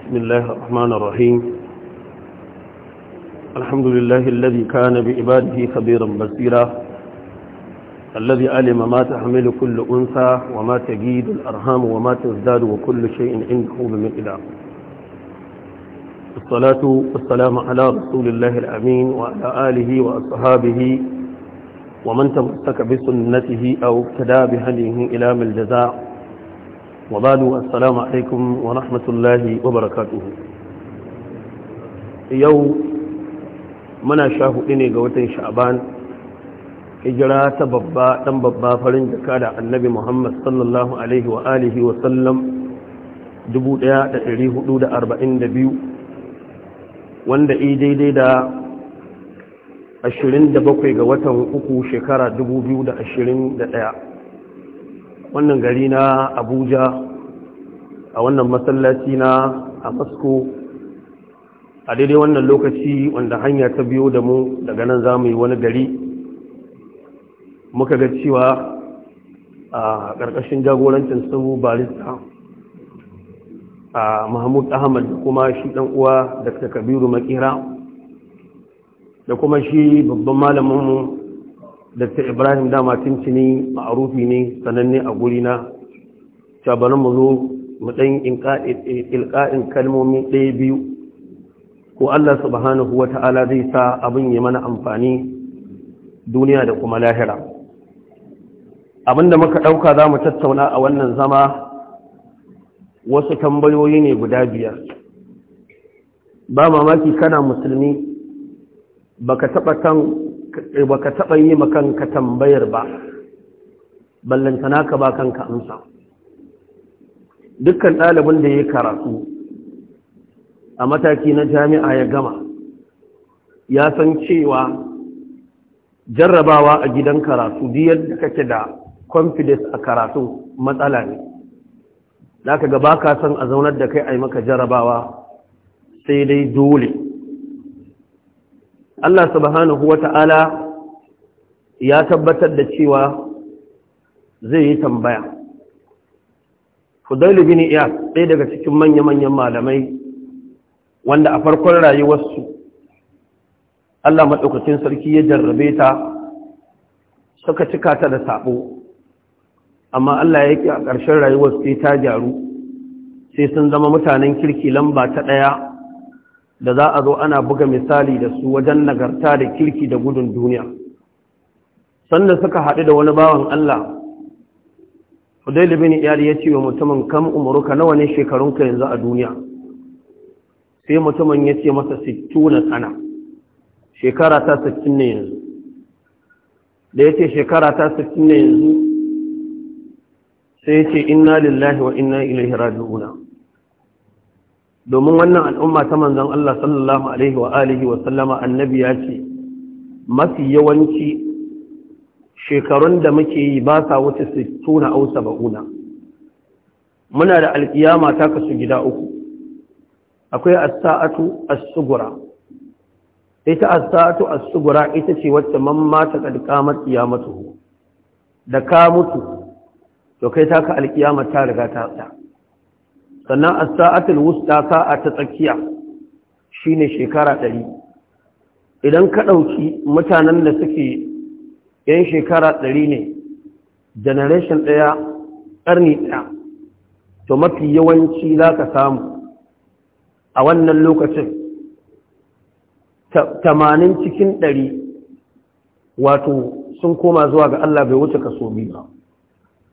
بسم الله الرحمن الرحيم الحمد لله الذي كان بعباده خبيرا بصيرا الذي علم ما تحمل كل أنثى وما تجيد الأرهام وما تزداد وكل شيء عنده بمقدار الصلاة والسلام على رسول الله الأمين وعلى آله وأصحابه ومن تمسك بسنته أو اقتدى بهديه إلى من الجزاء وبعد السلام عليكم ورحمة الله وبركاته يو منا شاهو إني قوتين شعبان هجرة ببا تم ببا فلن جكاد النبي محمد صلى الله عليه وآله وسلم دبو ديا تقري حدود أربعين دبيو وان دي دي دي دا أشرين دبقى قوتين أكو شكرا دبو بيو دا أشرين دا wannan gari na abuja a wannan masallaci na a masko a daidai wannan lokaci wanda hanya ta biyo da mu daga nan za mu yi wani gari muka ga cewa a ƙarƙashin jagorancin sabu barista a mahmud ahmad da kuma shi ɗan uwa da kabiru makira da kuma shi babban malaminmu dr ibrahim dama tuntuni ma'arufi ne sananne a gurina shabanin mu zo mu ɗan ilka'in kalmomi ɗaya biyu ko allah subhanahu wa ta'ala zai sa abin yi mana amfani duniya da kuma lahira abinda muka ɗauka za mu tattauna a wannan zama wasu tambayoyi ne guda biyar ba mamaki kana musulmi baka taɓa kan ka taɓa yi ma kanka tambayar ba ballantana ka ba kanka amsa dukkan ɗalibin da ya yi karatu a mataki na jami'a ya gama ya san cewa jarrabawa a gidan karatu biyar yadda kake da confidence a karatu matsala ne za ka gaba ka san a zaunar da kai a yi maka jarrabawa sai dai dole Allah subhanahu wata'ala ya tabbatar da cewa zai yi tambaya Fudailu bin Iyad ɗaya daga cikin manya-manyan malamai wanda a farkon rayuwarsu Allah maɗaukacin sarki ya jarrabe ta suka cika ta da sabo amma Allah ya ƙi a ƙarshen rayuwarsu ta gyaru sai sun zama mutanen kirki lamba ta ɗaya da za a zo ana buga misali da su wajen nagarta da kirki da gudun duniya Sannan suka haɗu da wani bawan Allah Hudayl bin iyali ya ce wa mutumin kam umuruka nawa ne shekarunka yanzu a duniya sai mutumin ya ce masa 60 sana shekara ta sittin ne yanzu da ya ce shekara ta sittin ne yanzu sai ya ce inna lillahi wa inna ilaihi raji'una domin wannan al'umma ta manzon Allah sallallahu alaihi wa alihi wa sallama annabi ya ce mafi yawanci shekarun da muke yi ba sa wuce su tuna au saba'una muna da alƙiyama ta kasu gida uku akwai as-sa'atu as-sughra ita as-sa'atu as-sughra ita ce wacce man mata kad qamat da ka mutu to kai taka alƙiyama ta riga ta tsaya sannan a sa'atul wusta sa'a ta tsakiya shine shekara ɗari idan ka ɗauki mutanen da suke yan shekara ɗari ne generation ɗaya ƙarni ɗaya to mafi yawanci za ka samu a wannan lokacin tamanin cikin ɗari wato sun koma zuwa ga Allah bai wuce so biyu ba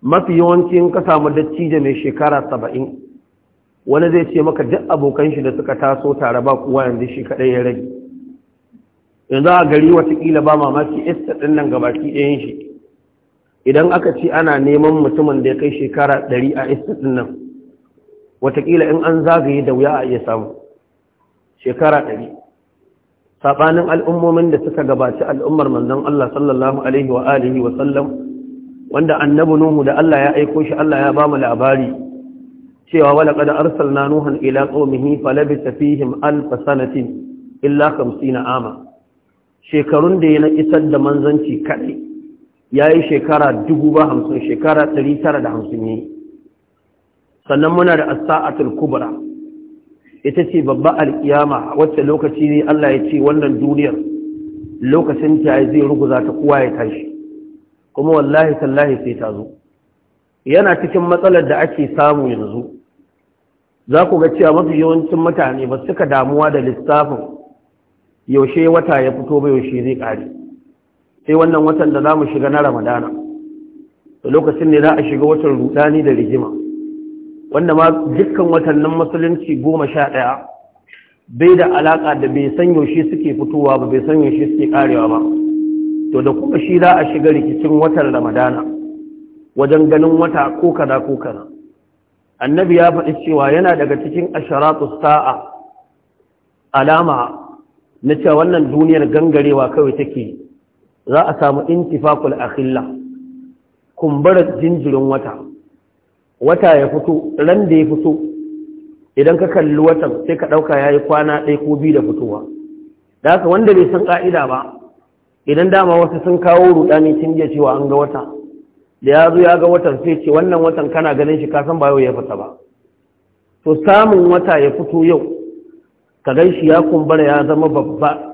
mafi yawanci in ka samu dattijo mai shekara saba'in wani zai ce maka duk abokan shi da suka taso tare ba kuwa yanzu shi kaɗai ya rage yanzu a gari watakila ba mamaki ista ɗin nan gabaki ɗayan shi idan aka ci ana neman mutumin da ya kai shekara ɗari a ista ɗin nan watakila in an zagaye da wuya a iya samu shekara ɗari saɓanin al'ummomin da suka gabaci al'ummar manzon Allah sallallahu alaihi wa alihi wa sallam wanda annabi Nuhu da Allah ya aiko shi Allah ya bamu labari cewa wala qad arsalna nuhan ila qaumihi falabisa fihim alf sanatin illa na ama shekarun da na isar da manzanci ya yayi shekara hamsin, shekara hamsin ne sannan muna da as-sa'atul kubra ita ce babba alkiyama wacce lokaci ne Allah ya ce wannan duniyar lokacin ta zai ruguza ta kowa ya tashi kuma wallahi tallahi sai ta zo yana cikin matsalar da ake samu yanzu za ku ga cewa mafi yawancin mutane ba suka damuwa da lissafin yaushe wata ya fito ba yaushe zai ƙare sai wannan watan da za mu shiga na ramadana da lokacin ne za a shiga watan rudani da rigima wanda ma dukkan watannin musulunci goma sha ɗaya bai da alaƙa da bai san yaushe suke fitowa ba bai san yaushe suke ƙarewa ba to da kuma shi za a shiga rikicin watan ramadana wajen ganin wata ko kaza ko kaza annabi ya faɗi cewa yana daga cikin asharatu sa'a alama na cewa wannan duniyar gangarewa kawai take za a samu intifakul akhilla kumbarar jinjirin wata wata ya fito ran da ya fito idan ka kalli watan sai ka ɗauka yayi kwana ɗaya ko biyu da fitowa da haka wanda bai san ƙa'ida ba idan dama wasu sun kawo rudani tun jiya cewa an ga wata da ya zo ya ga watan sai ce wannan watan kana ganin shi kasan ba yau ya fita ba to samun wata ya fito yau ka gan shi ya kumbara ya zama babba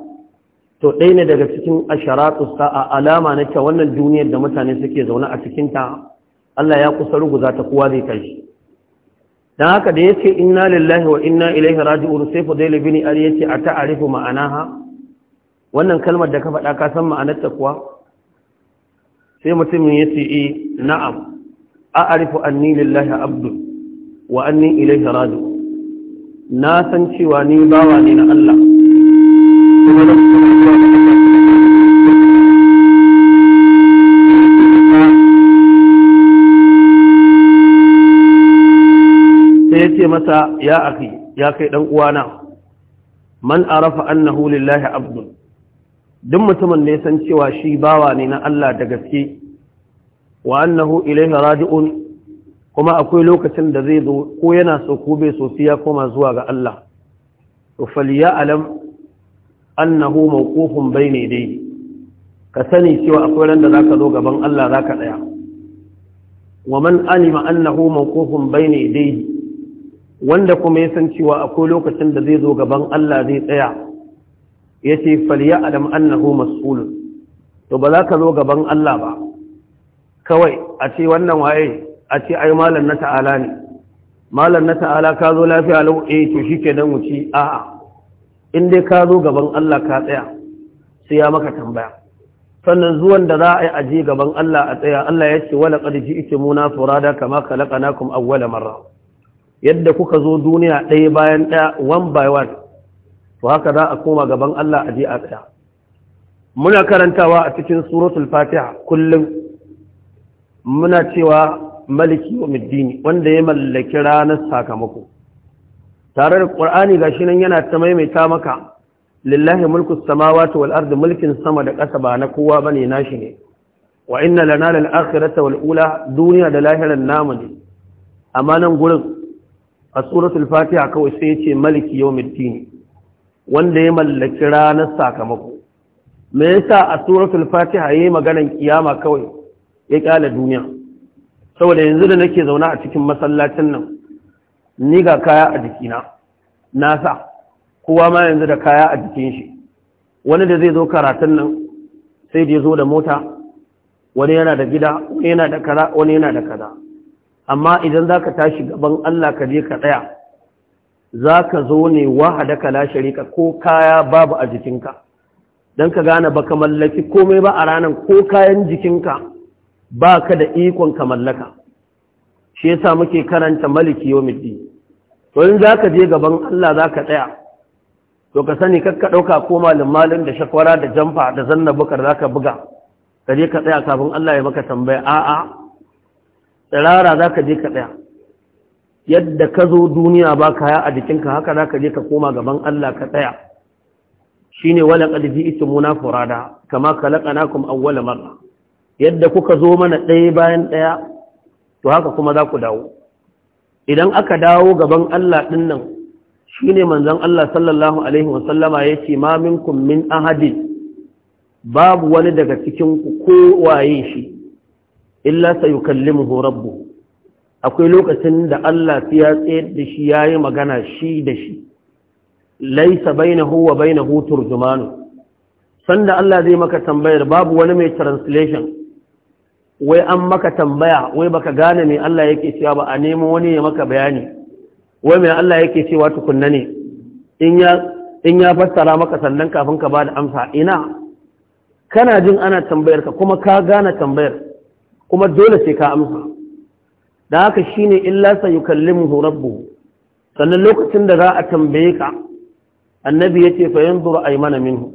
to ɗaya ne daga cikin asharatu a alama na cewa wannan duniyar da mutane suke zaune a cikin ta Allah ya kusa ruguza ta kowa zai kai dan haka da yace inna lillahi wa inna ilaihi raji'un sai fudail bin ali yace a ta'arifu ma'anaha wannan kalmar da ka faɗa ka san ma'anar ta kuwa sai mutumin ya ce e na'am a'arifu anni lillahi abdu wa anni ilaihi radu na san cewa ni bawa ne na Allah kuma na sai ya ce masa ya akhi ya kai dan uwana man arafa annahu lillahi abdu duk mutumin da ya san cewa shi bawa ne na Allah da gaske wa annahu ilayhi raji'un kuma akwai lokacin da zai zo ko yana so ko bai so ya koma zuwa ga Allah to alam annahu mawqufun bayni dai ka sani cewa akwai ran da zaka zo gaban Allah zaka tsaya wa man alima annahu mawqufun bayni dai wanda kuma ya san cewa akwai lokacin da zai zo gaban Allah zai tsaya ya ce faliya adam annahu mas'ulun to ba za ka zo gaban Allah ba kawai a ce wannan waye a ce ai malam na ta'ala ne malam na ta'ala ka zo lafiya lau eh to shikenan wuci a'a in dai ka zo gaban Allah ka tsaya sai ya maka tambaya sannan zuwan da za a yi aje gaban Allah a tsaya Allah ya ce wala qad ji'tumuna furada kama khalaqnakum awwala marra yadda kuka zo duniya ɗaya bayan ɗaya one by one to haka za a koma gaban Allah a je a muna karantawa a cikin suratul fatiha kullum muna cewa maliki wa middini wanda ya mallaki ranar sakamako tare da ƙwar'ani gashi nan yana ta maimaita maka lillahi mulku samawati wal ardi mulkin sama da ƙasa ba na kowa bane nashi ne wa inna lana lil akhirati wal ula duniya da lahiran namu ne amma nan gurin a suratul fatiha kawai sai yace maliki yawmiddin wanda ya mallaki ranar sakamako me yasa a suratul fatiha yayi maganan kiyama kawai ya kyale duniya saboda yanzu da nake zauna a cikin masallacin nan ni ga kaya a jikina na sa kowa ma yanzu da kaya a jikin shi wani da zai zo karatun nan sai da ya zo da mota wani yana da gida wani yana da kaza wani yana da kaza amma idan za ka tashi gaban Allah ka je ka tsaya za ka zo ne wahadaka la ka ko kaya babu a jikinka don ka gane ba ka mallaki komai ba a ranar ko kayan jikinka ba ka da ikon ka mallaka shi yasa muke karanta maliki yau midi to in za ka je gaban Allah za ka tsaya to ka sani kakka ɗauka ko malin malin da shakwara da jamfa da zanna bukar za ka buga ka je ka tsaya kafin Allah ya maka tambaya a'a tsirara za ka je ka tsaya yadda ka zo duniya ba kaya a jikinka haka za ka je ka koma gaban Allah ka tsaya shi ne wani ƙadiji ita muna furada kama na kuma awwala marra yadda kuka zo mana ɗaya bayan ɗaya to haka kuma za ku dawo idan aka dawo gaban Allah ɗin nan shi ne manzan Allah sallallahu Alaihi wasallama ya ce ma minkum min ahadin babu wani daga cikinku kowaye shi illa sayukallimuhu rabbuhu akwai lokacin da Allah ya tsayar da shi ya yi magana shi da shi laisa bainahu wa bainahu turjumanu sanda Allah zai maka tambayar babu wani mai translation wai an maka tambaya wai baka gane me Allah yake cewa ba a nemo wani ya maka bayani wai mai Allah yake cewa tukunna ne in ya fassara maka sannan kafin ka ba da amsa ina kana jin ana tambayarka? kuma ka gane tambayar kuma dole sai ka amsa da haka shine illa sayukallimuhu rabbuhu sannan lokacin da za a tambaye ka annabi ya yace fa yanzuru mana minhu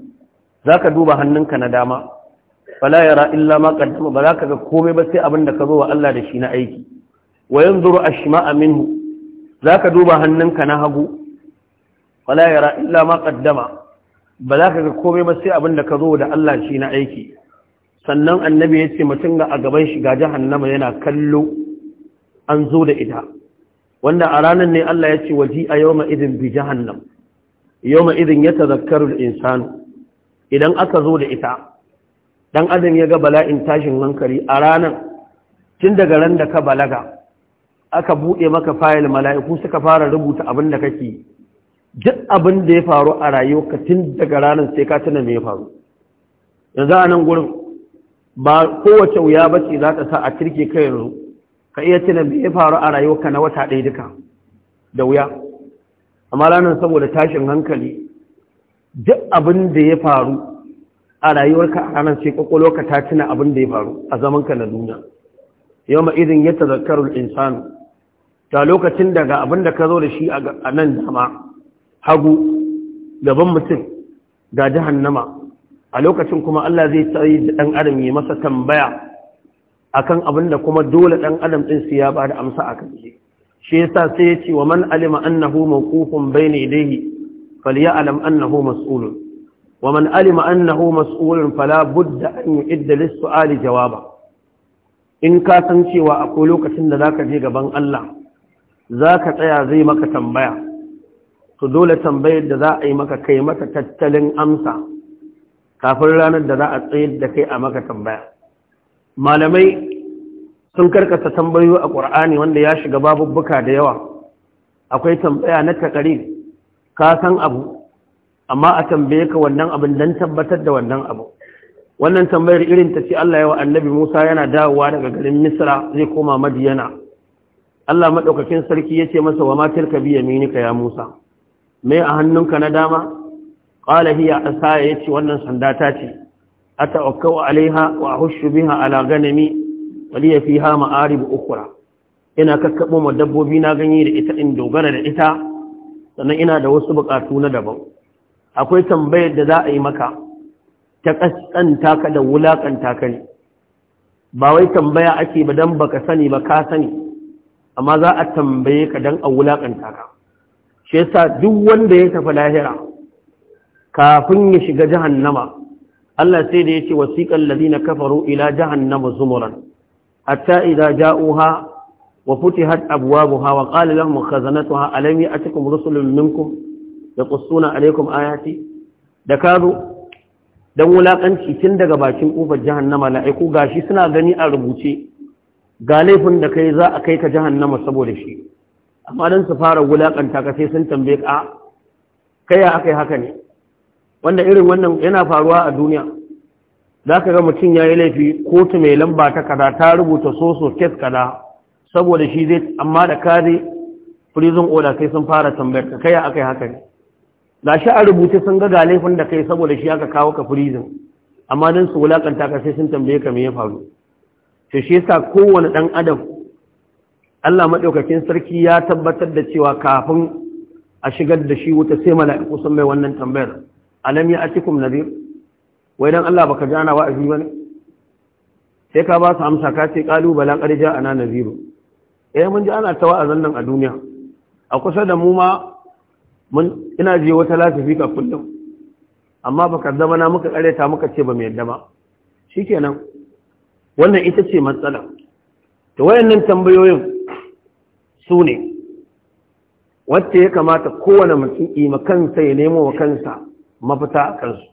Za ka duba hannunka na dama fala yara illa ma qaddama ba za ka ga komai ba sai abin da ka zo wa Allah da shi na aiki wa yanzuru a minhu Za ka duba hannunka na hagu fala yara illa ma qaddama ba za ka ga komai ba sai abin da ka zo da Allah shi na aiki sannan annabi ya ce mutum ga a gaban shi ga jahannama yana kallo an zo da ita wanda a ranar ne Allah ya ce waji a yau ma'izin bi jahannam yau ma'izin ya tazakkaru insanu idan aka zo da ita ɗan adam ya ga bala'in tashin hankali a ranar tun daga ran da ka balaga aka buɗe maka fayil mala'iku suka fara rubuta abin da kake duk abin da ya faru a rayuwa tun daga ranar sai ka tuna me ya faru yanzu a nan gurin ba kowace wuya ba ce za ta sa a kirke kai yanzu ka iya tuna bai faru a rayuwarka na wata ɗaya duka da wuya amma ranar saboda tashin hankali duk abin da ya faru a rayuwarka a ranar sai kwakwalwarka ta tuna abin da ya faru a zamanka na duniya yau ma izin ya tazakkarul insanu ta lokacin daga abin da ka zo da shi a nan dama hagu gaban mutum ga nama a lokacin kuma Allah zai tsaye da ɗan adam ya masa tambaya akan abin da kuma dole ɗan adam ɗin su ya ba da amsa a kan shi shi yasa sai ya ce wa man alima annahu mawqufun bayna yadayhi falyalam annahu mas'ulun wa man alima annahu mas'ulun fala budda an yu'idda lis-su'ali jawaba in ka san cewa akwai lokacin da zaka je gaban Allah zaka tsaya zai maka tambaya to dole tambayar da za a yi maka kai mata tattalin amsa kafin ranar da za a tsayar da kai a maka tambaya malamai sun karkasa tambayoyi a ƙur'ani wanda ya shiga babubbuka da yawa akwai tambaya na takari ka san abu amma a tambaye ka wannan abin don tabbatar da wannan abu wannan tambayar irin ta ce Allah ya wa annabi Musa yana dawowa daga garin Misra zai koma Madiyana Allah madaukakin sarki ya ce masa wa matar ka biya ka ya Musa me a hannunka na dama qala hiya asaya yace wannan sanda ta ce أتأكو عليها وأهش بها على غنمي ولي فيها مآرب أخرى إنا ككبو مدبو بينا غني لإتا إن دوغر لإتا سنة إنا دو سبق آتون دبو أقول تنبيد دائي مكا تقسطن تاك دولاك تاكني باوي تنبيا أكي بدن بك سني بكا سني أما ذا أتنبيك دن أولاك تاكا شيسا دوان ديتا فلاهرة kafin ya shiga jahannama Allah sai da yace wasiƙan ladina kafaru ila jahannama zumuran hatta idza ja'uha wa futihat abwabuha wa qala lahum khazanatuha alam ya'tikum rusulun minkum yaqussuna alaykum ayati da kazo dan wulakanci tun daga bakin kofar jahannama la'iku gashi suna gani a rubuce ga laifin da kai za a kai ka jahannama saboda shi amma dan su fara wulakanta ka sai sun tambaye ka kai ya akai haka ne wanda irin wannan yana faruwa a duniya za ka ga mutum ya yi laifi kotu mai lamba ta kada ta rubuta soso kes kada saboda shi zai amma da kare prison order kai sun fara tambayar ka kai yi haka ne ga shi a rubuta sun ga ga laifin da kai saboda shi aka kawo ka prison amma don su wulakanta ka sai sun tambaye ka mai ya faru to shi sa kowane dan adam Allah maɗaukakin sarki ya tabbatar da cewa kafin a shigar da shi wuta sai mala'iku sun mai wannan tambayar alam ya kum nadir wai dan Allah baka jana wa'azi bane sai ka ba su amsa ka ce qalu bala a na Naziru. eh mun ji ana ta wa'azan nan a duniya a kusa da mu ma mun ina je wata lafifi ka kullum amma baka zama na muka kareta muka ce ba mu yadda ba shikenan wannan ita ce matsala to wayannan tambayoyin su ne wacce ya kamata kowane mutum ima kansa ya nemo wa kansa mafita a kansu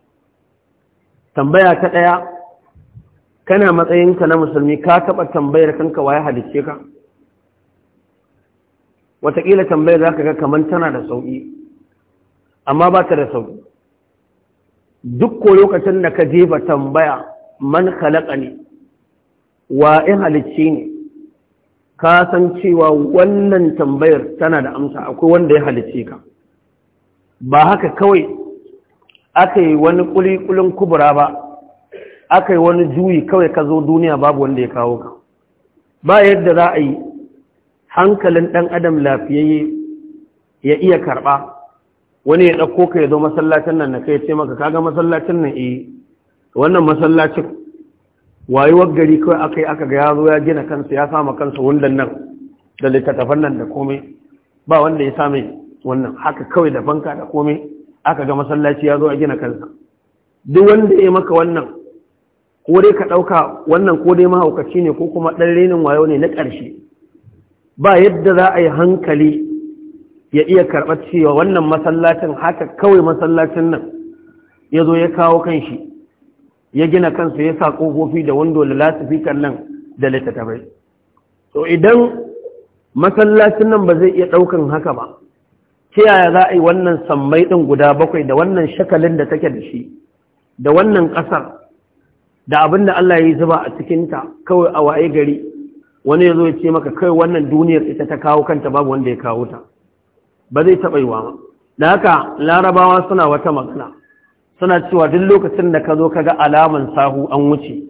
tambaya ta ɗaya kana matsayinka na musulmi ka taɓa tambayar kanka waye halicce ka wataƙila tambayar za ka ga kamar tana da sauƙi amma ba ta da sauƙi duk ko lokacin da ka jefa tambaya man halaƙa ne wa in halicce ne ka san cewa wannan tambayar tana da amsa akwai wanda ya halicce ka ba haka kawai aka yi wani kulikulin kubura ba aka yi wani juyi kawai ka zo duniya babu wanda ya kawo ka ba yadda za a yi hankalin ɗan adam lafiyayye ya iya karɓa wani ya ɗauko ka ya zo masallacin nan na kai ce maka kaga masallacin nan eh wannan masallacin wayi gari kawai aka yi aka ga ya zo ya gina kansa ya sama kansa wundan nan da littattafan nan da komai ba wanda ya same wannan haka kawai da banka da komai aka ga masallaci ya zo a gina kansa duk wanda ya maka wannan ko dai ka ɗauka wannan ko dai mahaukaci ne ko kuma ɗan renin wayo ne na ƙarshe ba yadda za a yi hankali ya iya karɓar cewa wannan masallacin haka kawai masallacin nan ya zo ya kawo kan shi, ya gina kansa ya sa ƙofofi da wando da lasifikan nan da littattafai to idan masallacin nan ba zai iya ɗaukan haka ba ta yaya za a yi wannan sammai ɗin guda bakwai da wannan shakalin da take da shi da wannan ƙasar da abin da Allah ya yi zuba a cikinta kawai a waye gari wani ya zo ya ce maka kawai wannan duniyar ita ta kawo kanta babu wanda ya kawo ta ba zai taɓa yiwa ba da haka larabawa suna wata magana suna cewa duk lokacin da ka zo ka ga alaman sahu an wuce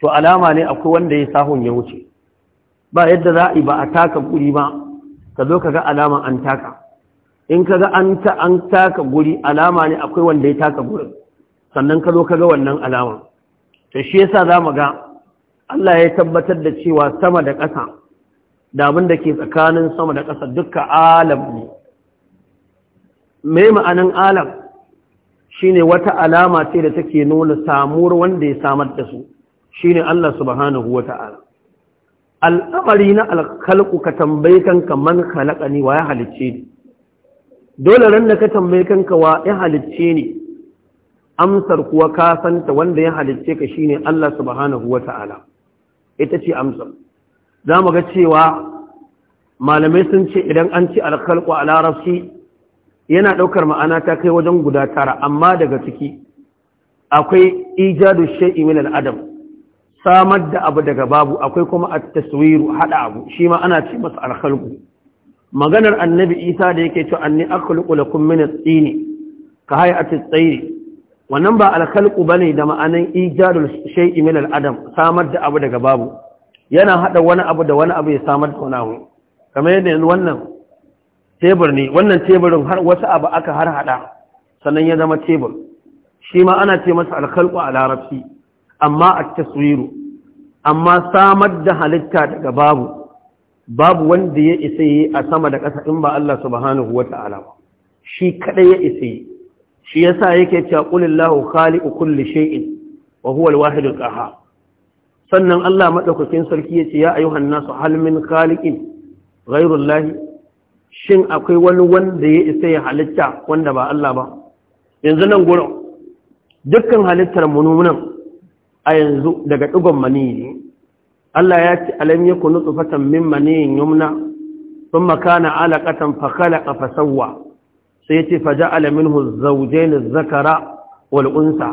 to alama ne akwai wanda ya sahun ya wuce ba yadda za a yi ba a taka guri ba ka zo ka ga alaman an taka in ka ga an taka guri alama ne akwai wanda ya taka gurin sannan ka zo kaga wannan alama ta shi yasa mu ga Allah ya tabbatar da cewa sama da ƙasa da abin da ke tsakanin sama da ƙasa duka alam ne me ma'anin alam shine wata alama ce da take nuna samuwar wanda ya samar da su Shi ne Allah subhanahu ta'ala al'amari na alkalku ka tambaye kanka man khalaqani wa ya halicce ni dole ran da ka tambayi kanka wa ya halicce ne amsar kuwa ka santa wanda ya halicce ka shine Allah subhanahu wata'ala ita ce amsar za mu ga cewa malamai sun ce idan an ci alkhalqu a larabci yana ɗaukar ma'ana ta kai wajen guda tara amma daga ciki akwai ijadu shay'i min al samar da abu daga babu akwai kuma at-taswiru haɗa abu shi ma ana ce masa alkhalqu maganar annabi isa da yake cewa anni akhluqu lakum min at tini ka hay'ati at-tayr wannan ba al-khalqu bane da ma'anan ijadul shay'i min al-adam samar da abu daga babu yana hada wani abu da wani abu ya samar da wani abu kamar yadda yanzu wannan tebur ne wannan teburin har wasu abu aka har hada sannan ya zama tebur shi ma ana ce masa al-khalqu a larabci amma at-taswiru amma samar da halitta daga babu babu wanda ya isa yi a sama da ƙasa in ba Allah subhanahu wa ta'ala ba shi kaɗai ya isa yi shi ya sa yake cewa ƙulillahu khali'u kulli shay'in wa huwa al-wahid sannan Allah madaukakin sarki yace ya ayyuhan nasu hal min khaliqin ghayru Allah shin akwai wani wanda ya isa ya halitta wanda ba Allah ba yanzu nan gurin dukkan halittar mununan a yanzu daga dugon maniyi Allah ya ce alam yakun nutfatan min maniyin yumna thumma kana alaqatan fa khalaqa fa sawwa sai yace faja'ala minhu zawjayn az-zakara wal unsa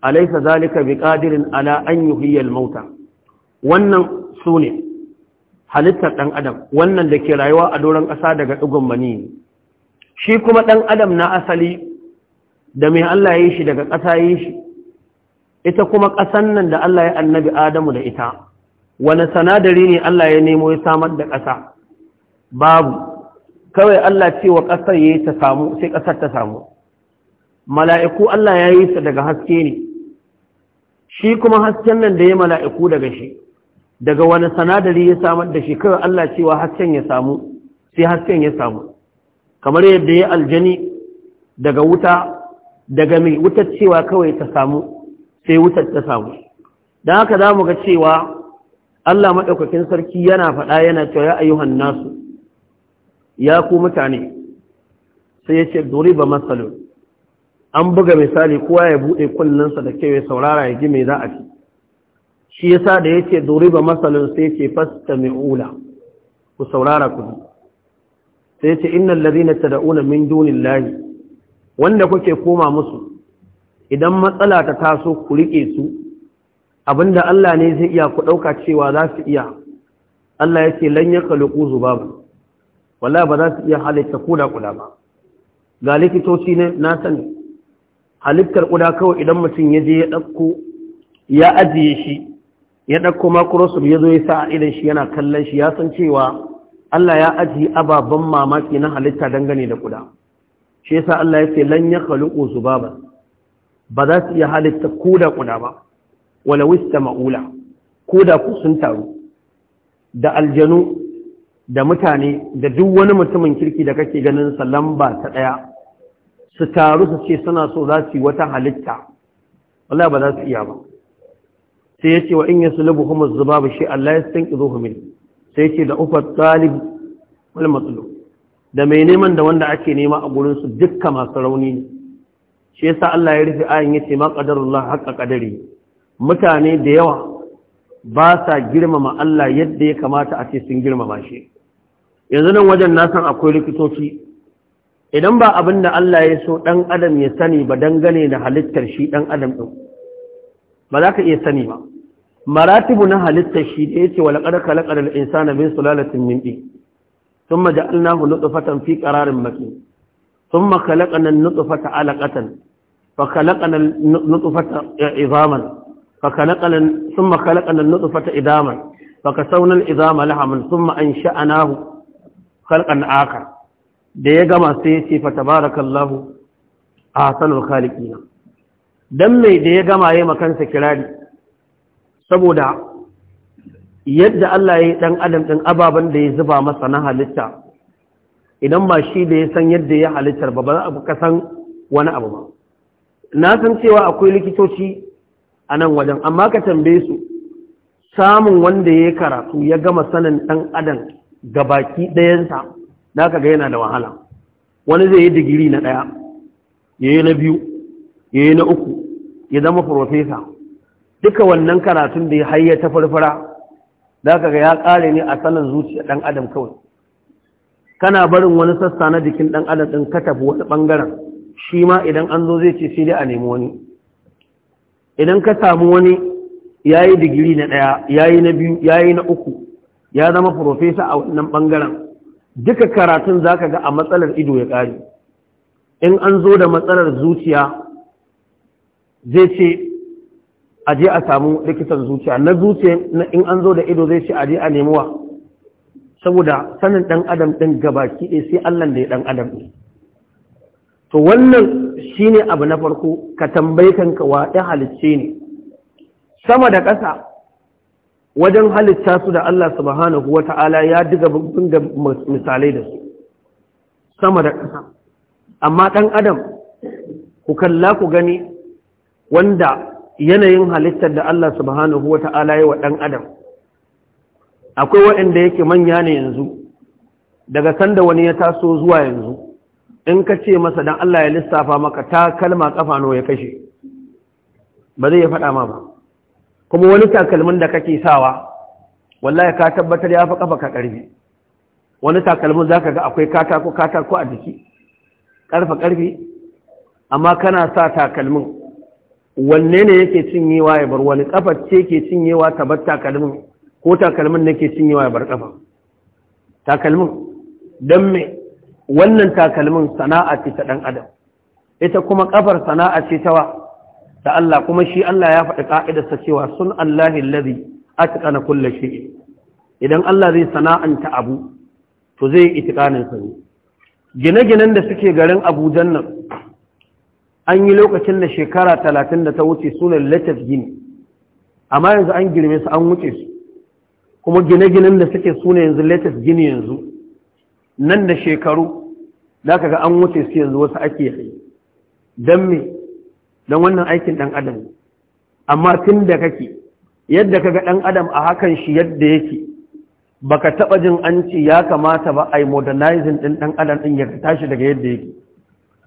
alaysa zalika biqadirin ala an yuhyiya al-mauta wannan sune halittar dan adam wannan da ke rayuwa a doron ƙasa daga dugun mani shi kuma dan adam na asali da mai Allah ya yi shi daga ƙasa ya yi shi ita kuma ƙasan nan da Allah ya annabi Adamu da ita wani sanadari ne Allah ya nemo ya samar da ƙasa babu kawai Allah ce wa ƙasar ya yi ta samu sai ƙasar ta samu mala'iku Allah ya yi su daga haske ne shi kuma hasken nan da ya mala'iku daga shi daga wani sanadari ya samar da shi kawai Allah cewa hasken ya samu sai hasken ya samu kamar yadda ya aljani daga wuta daga mai wutar cewa kawai ta samu sai wutar ta samu don haka za mu ga cewa Allah maɗaukakin sarki yana faɗa yana cewa ya ayyuhan nasu ya ku mutane sai ya ce ba matsalo an buga misali kowa ya buɗe kullunsa da kewaye saurara ya ji mai za a ci shi yasa da ya ce ba matsalo sai ya ce fasta ula, ku saurara ku sai ya ce innan na tada'una min dunin layi wanda kuke koma musu idan matsala ta taso ku riƙe su abinda Allah ne zai iya ku ɗauka cewa za su iya Allah ya lanyar lan zuba ba wala ba za su iya halitta kuda kuda ba ga likitoci ne na sani halittar kuda kawai idan mutum ya je ya ɗauko ya ajiye shi ya ɗauko makurosu ya zo ya sa a idan shi yana kallon shi ya san cewa Allah ya ajiye ababen mamaki na halitta dangane da kuda shi yasa Allah ya ce lan yakhluqu zubaban ba za su iya halitta kuda kuda ba Wala wista ma'ula, ko da ku sun taru da aljanu da mutane da duk wani mutumin kirki da kake ganin sa lamba ta ɗaya su taru su ce suna so za su yi wata halitta wallahi ba za su iya ba sai yace wa in yaslubuhum az-zubab shi Allah ya yastanqidhuhum sai yace da ufa talib wal matlub da mai neman da wanda ake nema a gurin su dukkan masu rauni ne shi yasa Allah ya rufe ayin yace ma qadarullah haqqa qadari mutane da yawa ba sa girmama Allah yadda ya kamata a ce sun girmama shi yanzu nan wajen na san akwai likitoci idan ba abin da Allah ya so ɗan adam ya sani ba dangane da halittar shi ɗan adam ɗin ba za ka iya sani ba maratibu na halittar shi da ya ce wa laƙar kalaƙar al'insana bin sulalatin mimɗi sun ma ja'alna hu nutsufatan fi ƙararin maki sun ma kalaƙanan nutsufata alaƙatan fa kalaƙanan nutsufata izaman ثم خلقنا النطفة إداما فكسونا الإدام لحما ثم أنشأناه خلقا آخر da ya gama sai ya ce fatabarakallahu ahsanul khaliqina dan mai da ya gama yayin makansa kirari saboda yadda Allah ya yi ɗan adam ɗin ababen da ya zuba masa na halitta idan ba shi da ya san yadda ya halittar ba ba za san wani abu ba na san cewa akwai likitoci a nan wajen amma ka tambaye su samun wanda ya karatu ya gama sanin ɗan adam ga baki ɗayansa da ka ga yana da wahala wani zai yi digiri na ɗaya ya yi na biyu ya yi na uku ya zama profesa duka wannan karatun da ya hayya ta farfara da ka ga ya ƙare ne a sanin zuciya ɗan adam kawai kana barin wani sassa na jikin ɗan adam ɗin ka tafi wani ɓangaren shi ma idan an zo zai ce sai dai a nemi wani idan ka samu wani ya yi digiri na ɗaya ya yi na biyu ya yi na uku ya zama profesa a wannan ɓangaren duka karatun za ka ga a matsalar ido ya ƙari in an zo da matsalar zuciya zai ce a je a samu likitan zuciya na zuciya in an zo da ido zai ce a je a nemuwa saboda sanin ɗan adam ɗin gabaki ɗaya sai allah da ya ɗan adam ɗin to wannan shi ne abu na farko ka tambayi kanka wa halicce ne sama da ƙasa wajen halitta su da Allah subhanahu Ta'ala ya diga da misalai da su sama da ƙasa amma ɗan adam ku kalla ku gani wanda yanayin halittar da Allah subhanahu Ta'ala ya wa ɗan adam akwai waɗanda yake manya ne yanzu daga sanda wani ya taso zuwa yanzu in ka ce masa don Allah ya lissafa maka ta kalma kafa no ya kashe ba zai ya faɗa ma ba kuma wani takalmin da kake sawa wallahi ka tabbatar ya fi kafa ka ƙarfi wani takalmin za ka ga akwai katako katako a jiki ƙarfa ƙarfi amma kana sa takalmin wanne ne yake cinyewa ya bar wani ƙafa ce ke cinyewa ta bar takalmin ko takalmin ne ke cinyewa ya bar ƙafa takalmin don me wannan takalmin sana'a ce ta ɗan adam ita kuma ƙafar sana'a ce ta wa ta Allah kuma shi Allah ya faɗi ƙa'idarsa cewa sun Allahi lazi a tiƙana kulle shi idan Allah zai sana'anta abu to zai yi itiƙaninsa ne gine-ginen da suke garin abujan nan an yi lokacin da shekara talatin da ta wuce sunan latif gini amma yanzu an girme su an wuce su kuma gine-ginen da suke suna yanzu latif gini yanzu nan da shekaru za ka ga an wuce su yanzu wasu ake yi don me don wannan aikin ɗan adam amma tun da kake yadda ka ga ɗan adam a hakan shi yadda yake baka taɓa jin an ce ya kamata ba a yi modernizing ɗin ɗan adam ɗin ya tashi daga yadda yake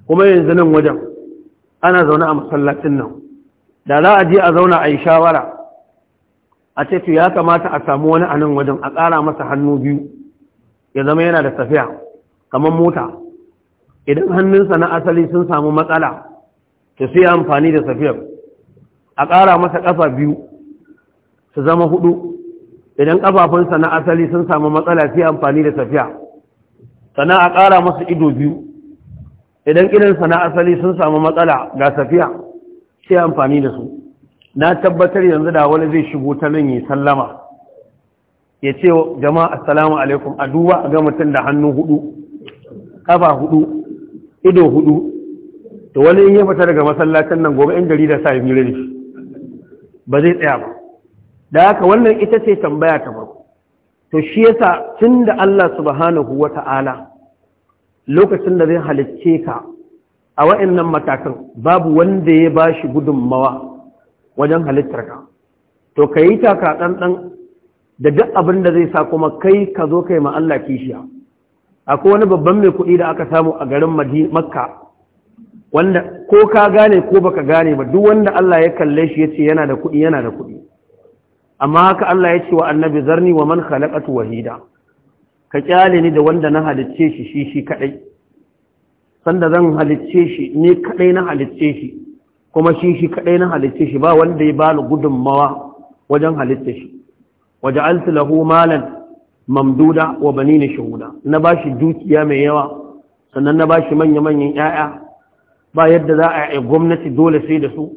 kuma yanzu nan wajen ana zaune a masallacin nan da za a je a zauna a yi shawara a ce to ya kamata a samu wani a nan wajen a ƙara masa hannu biyu ya zama yana da tafiya kamar mota idan hannunsa na asali sun samu matsala to su amfani da safiyar a ƙara masa ƙafa biyu su zama hudu idan ƙafafunsa na asali sun samu matsala su amfani da safiya sannan a ƙara masa ido biyu idan idansa na asali sun samu matsala ga safiya su amfani da su na tabbatar yanzu da wani zai shigo ta nan yi sallama ya ce jama'a assalamu alaikum a duba a ga mutum da hannu hudu kafa hudu ido hudu to wani in yi fita daga masallacin nan gobe in gari da sa yi fira ba zai tsaya ba da haka wannan ita ce tambaya ta farko to shi yasa tun da Allah subhanahu wa ta'ala lokacin da zai halicce ka a wa'annan matakan babu wanda ya ba shi gudunmawa wajen halittar ka to ka yi taka ɗanɗan da duk abin da zai sa kuma kai ka zo kai ma Allah kishiya akwai wani babban mai kuɗi da aka samu a garin makka wanda ko ka gane ko baka gane ba duk wanda Allah ya kalle shi yace yana da kuɗi yana da kuɗi amma haka Allah ya ce wa annabi zarni wa man khalaqatu wahida ka kyale ni da wanda na halicce shi shi shi kadai sanda zan halicce shi ni kadai na halicce shi kuma shi shi kadai na halicce shi ba wanda ya bani gudunmawa wajen halicce shi وجعلت له مالا ممدودا Na ba shi dukiya mai yawa sannan na bashi manya-manyan ‘ya'ya ba yadda za a yi gwamnati dole sai da su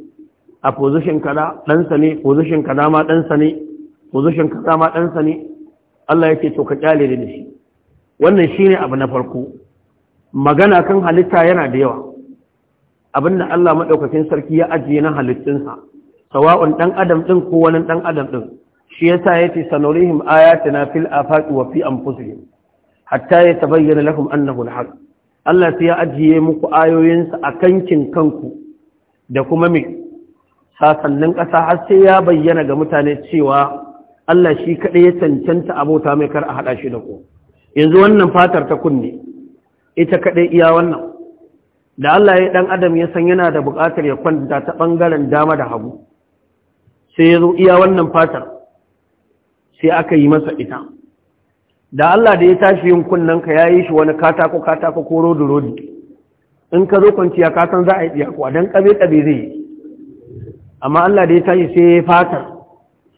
a position kaza, ɗansa ne position kada ma ɗansa ne position ma ɗansa ne Allah ya ce to ka kyale da shi wannan shi ne abu na farko magana kan halitta yana da yawa abinda Allah maɗaukakin sarki ya ajiye na halittunsa sawa'un ɗan adam ɗin ko wani ɗan adam ɗin shi yasa yace sanurihim ayatina fil afaq wa fi anfusihim hatta yatabayyana lakum annahu alhaq Allah sai ya ajiye muku ayoyinsa a kankin kanku da kuma me sasannin ƙasa har sai ya bayyana ga mutane cewa Allah shi kaɗai ya cancanta abota mai kar a haɗa shi da ku yanzu wannan fatar ta kunne ita kaɗai iya wannan da Allah ya dan adam ya san yana da buƙatar ya kwanta ta bangaren dama da hagu sai ya zo iya wannan fatar sai aka yi masa ita da Allah da ya tashi yin ka ya yi shi wani katako katako ko rodi rodi in ka zo kwanciya ka san za a yi tsiyakuwa don ƙabe ƙabe zai yi amma Allah da ya tashi sai ya fatar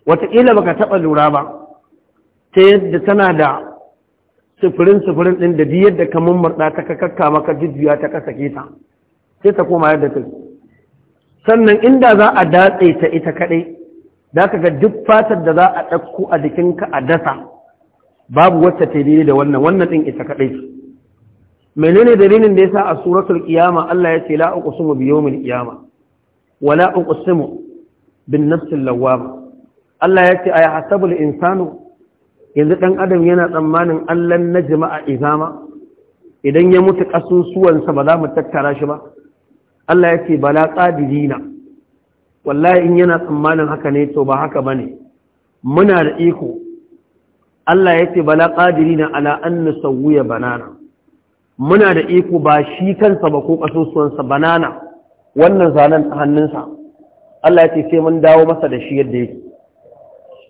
wataƙila baka taɓa lura ba ta yadda tana da sufurin sufurin ɗin da duk yadda ka mummurɗa ta kakka maka jujjuya ta ka sake ta sai ta koma yadda ta sannan inda za a datse ta ita kaɗai da ka ga duk fatar da za a ɗauko a jikinka a dasa babu wacce ta daidai da wannan wannan ɗin ita kaɗai menene dalilin da yasa a suratul qiyama Allah ya ce la uqsimu bi yawmil qiyama wa la uqsimu bin nafsil lawwam Allah ya ce ay hasabul insanu yanzu dan adam yana tsammanin Allah jima'a izama idan ya mutu kasusuwansa ba za mu tattara shi ba Allah ya ce bala qadirina wallahi in yana tsammanin haka ne to ba haka ba ne. muna da iko Allah ya ce bala qadirina ala an nusawwiya banana muna da iko ba shi kansa ba ko kasusuwansa banana wannan zanen ta hannunsa Allah ya ce sai mun dawo masa da shi yadda yake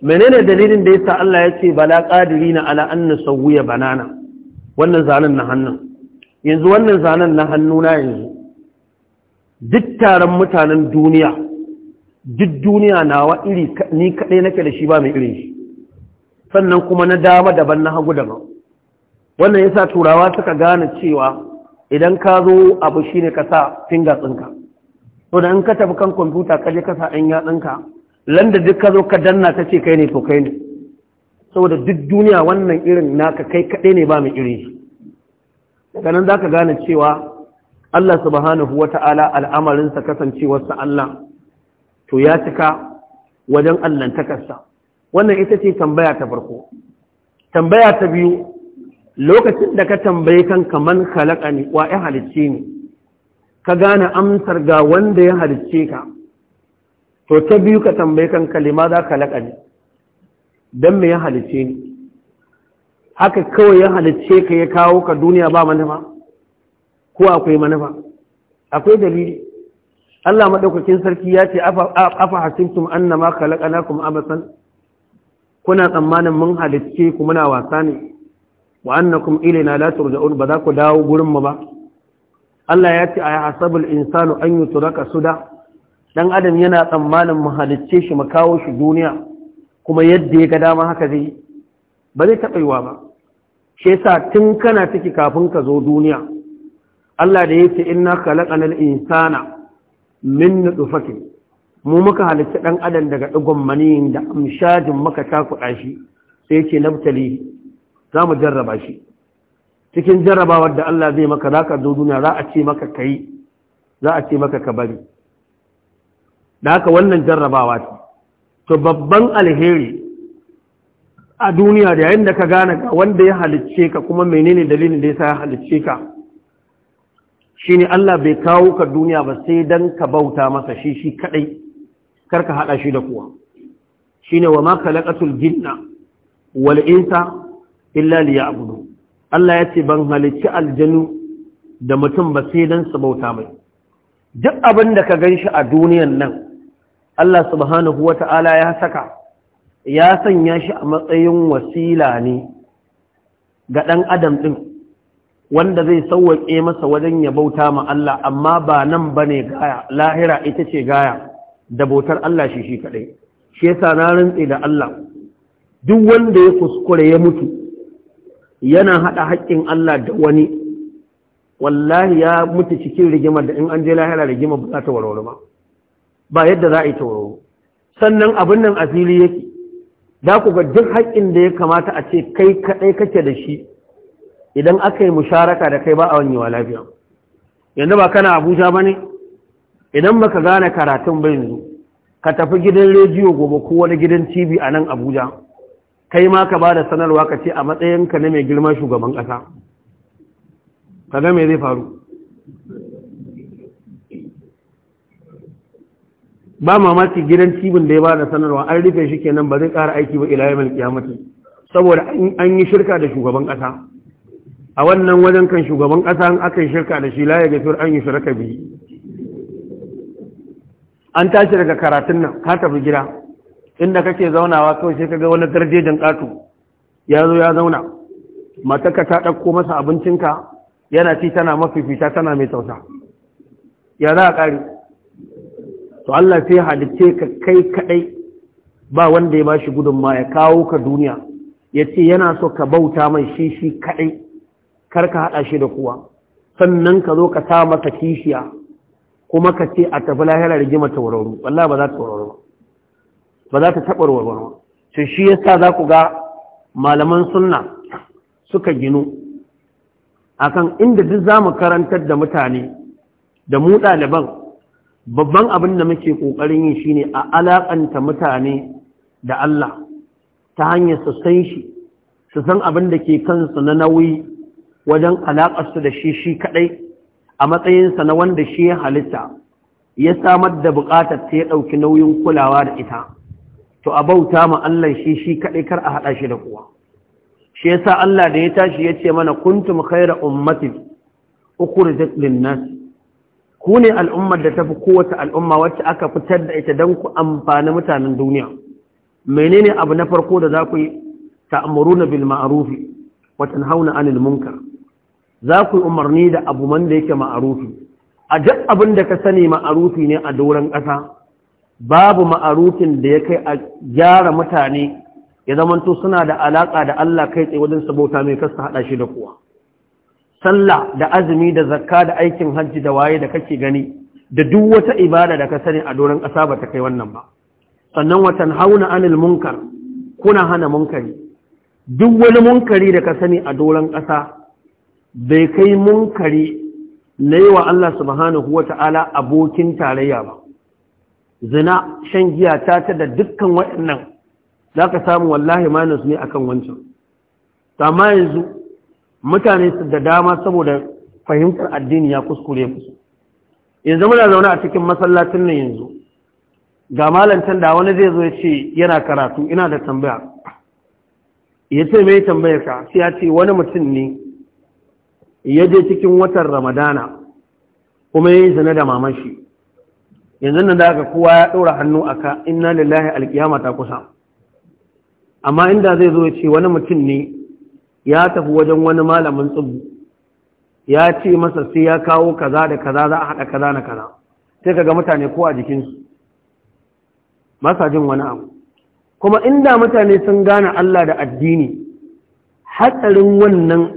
menene dalilin da yasa Allah ya ce bala qadirina ala an nusawwiya banana wannan zanen na hannun yanzu wannan zanen na hannuna yanzu duk taron mutanen duniya duk duniya nawa iri ni kaɗai nake da shi ba mai irin shi sannan kuma na dama daban na hagu daban wannan yasa turawa suka gane cewa idan ka zo abu ne ka sa finger ɗinka to da in ka tafi kan kwamfuta ka je ka sa ɗan yatsinka landa duk ka zo ka danna ta ce kai ne to kai ne saboda duk duniya wannan irin naka kai kaɗai ne ba mai irin shi sannan za ka gane cewa Allah subhanahu wa ta'ala al'amarinsa kasancewarsa Allah to ya cika wajen allantakarsa wannan ita ce tambaya ta farko tambaya ta biyu lokacin da ka tambaye kan man halaka ne wa ya halicce ne ka gane amsar ga wanda ya halicce ka to ta biyu ka tambaye kanka kalima za ka laƙa ne don me ya halicce ne haka kawai ya halicce ka ya kawo ka duniya ba manufa ko akwai manufa akwai dalili Allah maɗaukakin sarki ya ce afa hasibtum annama khalaqnakum abasan kuna tsammanin mun halicce ku muna wasa ne wa annakum ilaina la turja'un ba za ku dawo gurin mu ba Allah ya ce ay hasabul insanu an su suda dan adam yana tsammanin mu halicce shi mu kawo shi duniya kuma yadda ya ga dama haka zai ba zai taɓa yiwa ba shi yasa tun kana ciki kafin ka zo duniya Allah da ya ce inna khalaqanal insana min tsofaki mu muka halitta ɗan adam daga digon maniyin da amshajin maka ta kuɗa shi sai yake nabtali za mu jarraba shi cikin jarrabawar da Allah zai maka za ka zo duniya za a ce maka ka yi, za a ce maka ka bari da haka wannan jarrabawa ce to babban alheri a duniya da yayin da ka gane ka wanda ya halicce ka kuma menene dalilin da yasa ya halicce ka ne Allah bai kawo ka duniya ba sai don ka bauta masa shi shi kaɗai karka haɗa shi da kuwa. Shi ne wa ma laƙatul jinna wal'insa insa a gudu? Allah ya ce ban halicci aljanu da mutum ba sai don su bauta mai duk abin da ka gan shi a duniyan nan Allah subhanahu wata'ala ya saka ya sanya shi a matsayin wasila ne ga ɗan adam ɗin. wanda zai sauwaƙe masa wajen ya bauta ma Allah amma ba nan ba ne gaya lahira ita ce gaya da bautar Allah shi shi kaɗai shi yasa na rantse da Allah duk wanda ya kuskure ya mutu yana haɗa haƙƙin Allah da wani wallahi ya mutu cikin rigima da in an je lahira rigimar ba za ta warware ba ba yadda za a yi ta warware. sannan abin nan asiri yake da ku ga duk haƙƙin da ya kamata a ce kai kaɗai kake da shi idan aka yi musharaka da kai ba a wanyewa lafiya yanzu ba kana abuja ba ne idan baka gane karatun ba yanzu ka tafi gidan rediyo gobe ko wani gidan tv a nan abuja kai ma ka ba da sanarwa ka ce a matsayinka na mai girma shugaban ƙasa ka ga me zai faru ba mamaki gidan cibin da ya ba da sanarwa an rufe shi kenan ba zai ƙara aiki ba yamin milkiyamata saboda an yi shirka da shugaban ƙasa a wannan wajen kan shugaban ƙasa in aka yi shirka da shi laye ya an yi shirka biyu an tashi daga karatun nan ka tafi gida inda kake zaunawa kawai sai ka ga wani garjejin ƙato ya zo ya zauna matarka ta ɗauko masa abincinka yana ci tana mafifita tana mai tausa ya za a ƙari to Allah sai halitte ka kai kaɗai ba wanda ya ba shi gudunma ya kawo ka duniya ya ce yana so ka bauta mai shi shi kaɗai kar ka haɗa shi da kuwa sannan ka zo ka sa masa kishiya kuma ka ce a tafi lahira rigima ta warwaru Walla ba za ta warwaru ba za ta taɓa ba. to shi yasa za ku ga malaman sunna suka ginu akan inda duk za mu karantar da mutane da mu ɗaliban babban abin da muke ƙoƙarin yi shine a alaƙanta mutane da Allah ta hanyar su san shi su san abin da ke kansu na nauyi wajen alaƙarsu da shi shi kaɗai a matsayinsa na wanda shi ya halitta ya samar da buƙatar ta ya ɗauki nauyin kulawa da ita to a bauta ma Allah shi shi kaɗai kar a haɗa shi da kuwa. shi yasa Allah da ya tashi ya ce mana kuntum khayra ummatin ukhrijat lin-nas ku ne al'ummar da tafi kowace al'umma wacce aka fitar da ita don ku amfani mutanen duniya menene abu na farko da za ku yi ta'muruna bil ma'ruf wa tanhauna 'anil munkar za ku yi umarni da abu man da yake ma'arufi a duk abin da ka sani ma'arufi ne a doron ƙasa babu ma'arufin da ya kai a gyara mutane ya zamanto suna da alaƙa da Allah kai tsaye wajen sabota mai kasta haɗa shi da kuwa sallah da azumi da zakka da aikin hajji da waye da kake gani da duk wata ibada da ka sani a doron ƙasa ba ta kai wannan ba sannan watan hauna anil munkar kuna hana munkari duk wani munkari da ka sani a doron ƙasa bai kai munkari na yi wa Allah subhanahu wa ta'ala abokin tarayya ba zina shan giya ta ta da dukkan waɗannan za ka samu wallahi minus ne akan wancan amma yanzu mutane su da dama saboda fahimtar addini ya kuskure musu yanzu muna zaune a cikin masallacin nan yanzu ga malantar da wani zai zo ya ce yana karatu ina da tambaya ya ce mai tambayar ka sai ya ce wani mutum ne ya je cikin watan ramadana kuma ya yi zane da maman shi yanzu nan da aka kowa ya ɗora hannu a ka inna lillahi alkiyama ta kusa amma inda zai zo ya ce wani mutum ne ya tafi wajen wani malamin tsubu ya ce masa sai ya kawo kaza da kaza za a haɗa kaza na kaza sai ka ga mutane ko a jikinsu masa jin wani abu kuma inda mutane sun gane Allah da addini hatsarin wannan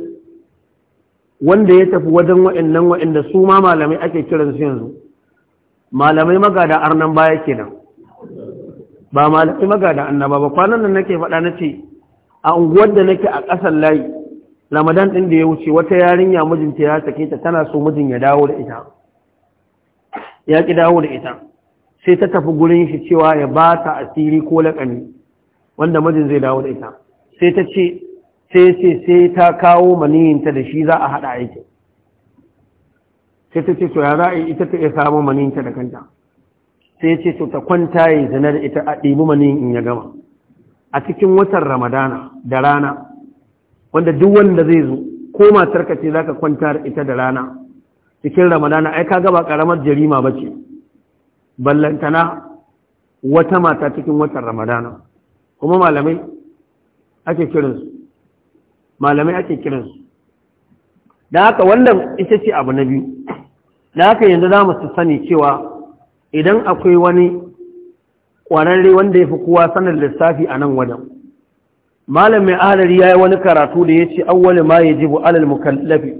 wanda ya tafi wajen wa'annan wa'anda su ma malamai ake kiran su yanzu malamai magada arnan baya kenan ba malamai magada annaba ba kwanan nan nake faɗa nace a unguwar da nake a ƙasar layi ramadan ɗin da ya wuce wata yarinya mijinta ya sake ta tana so mijin ya dawo da ita ya ki dawo da ita sai ta tafi gurin shi cewa ya ba ta asiri ko laƙani wanda mijin zai dawo da ita sai ta ce sai ce sai ta kawo maniyinta da shi za a haɗa aiki. sai ta ce to ya za a yi ita ta iya samun maniyinta da kanta sai ce to ta kwanta yi zina da ita a ɗibi maniyin in ya gama a cikin watan ramadana da rana wanda duk wanda zai zo ko matarka ce za ka kwanta da ita da rana cikin ramadana ai ka gaba ƙaramar jarima ba ce ballantana wata mata cikin watan ramadana kuma malamai ake kiransu malamai ake kiransu da haka wannan ita ce abu na biyu da haka yanzu za mu sani cewa idan akwai wani ƙwararre wanda ya fi kowa sanar lissafi a nan wajen mai ahalari ya yi wani karatu da ya ce awwali ma ya jibu alal mukallafi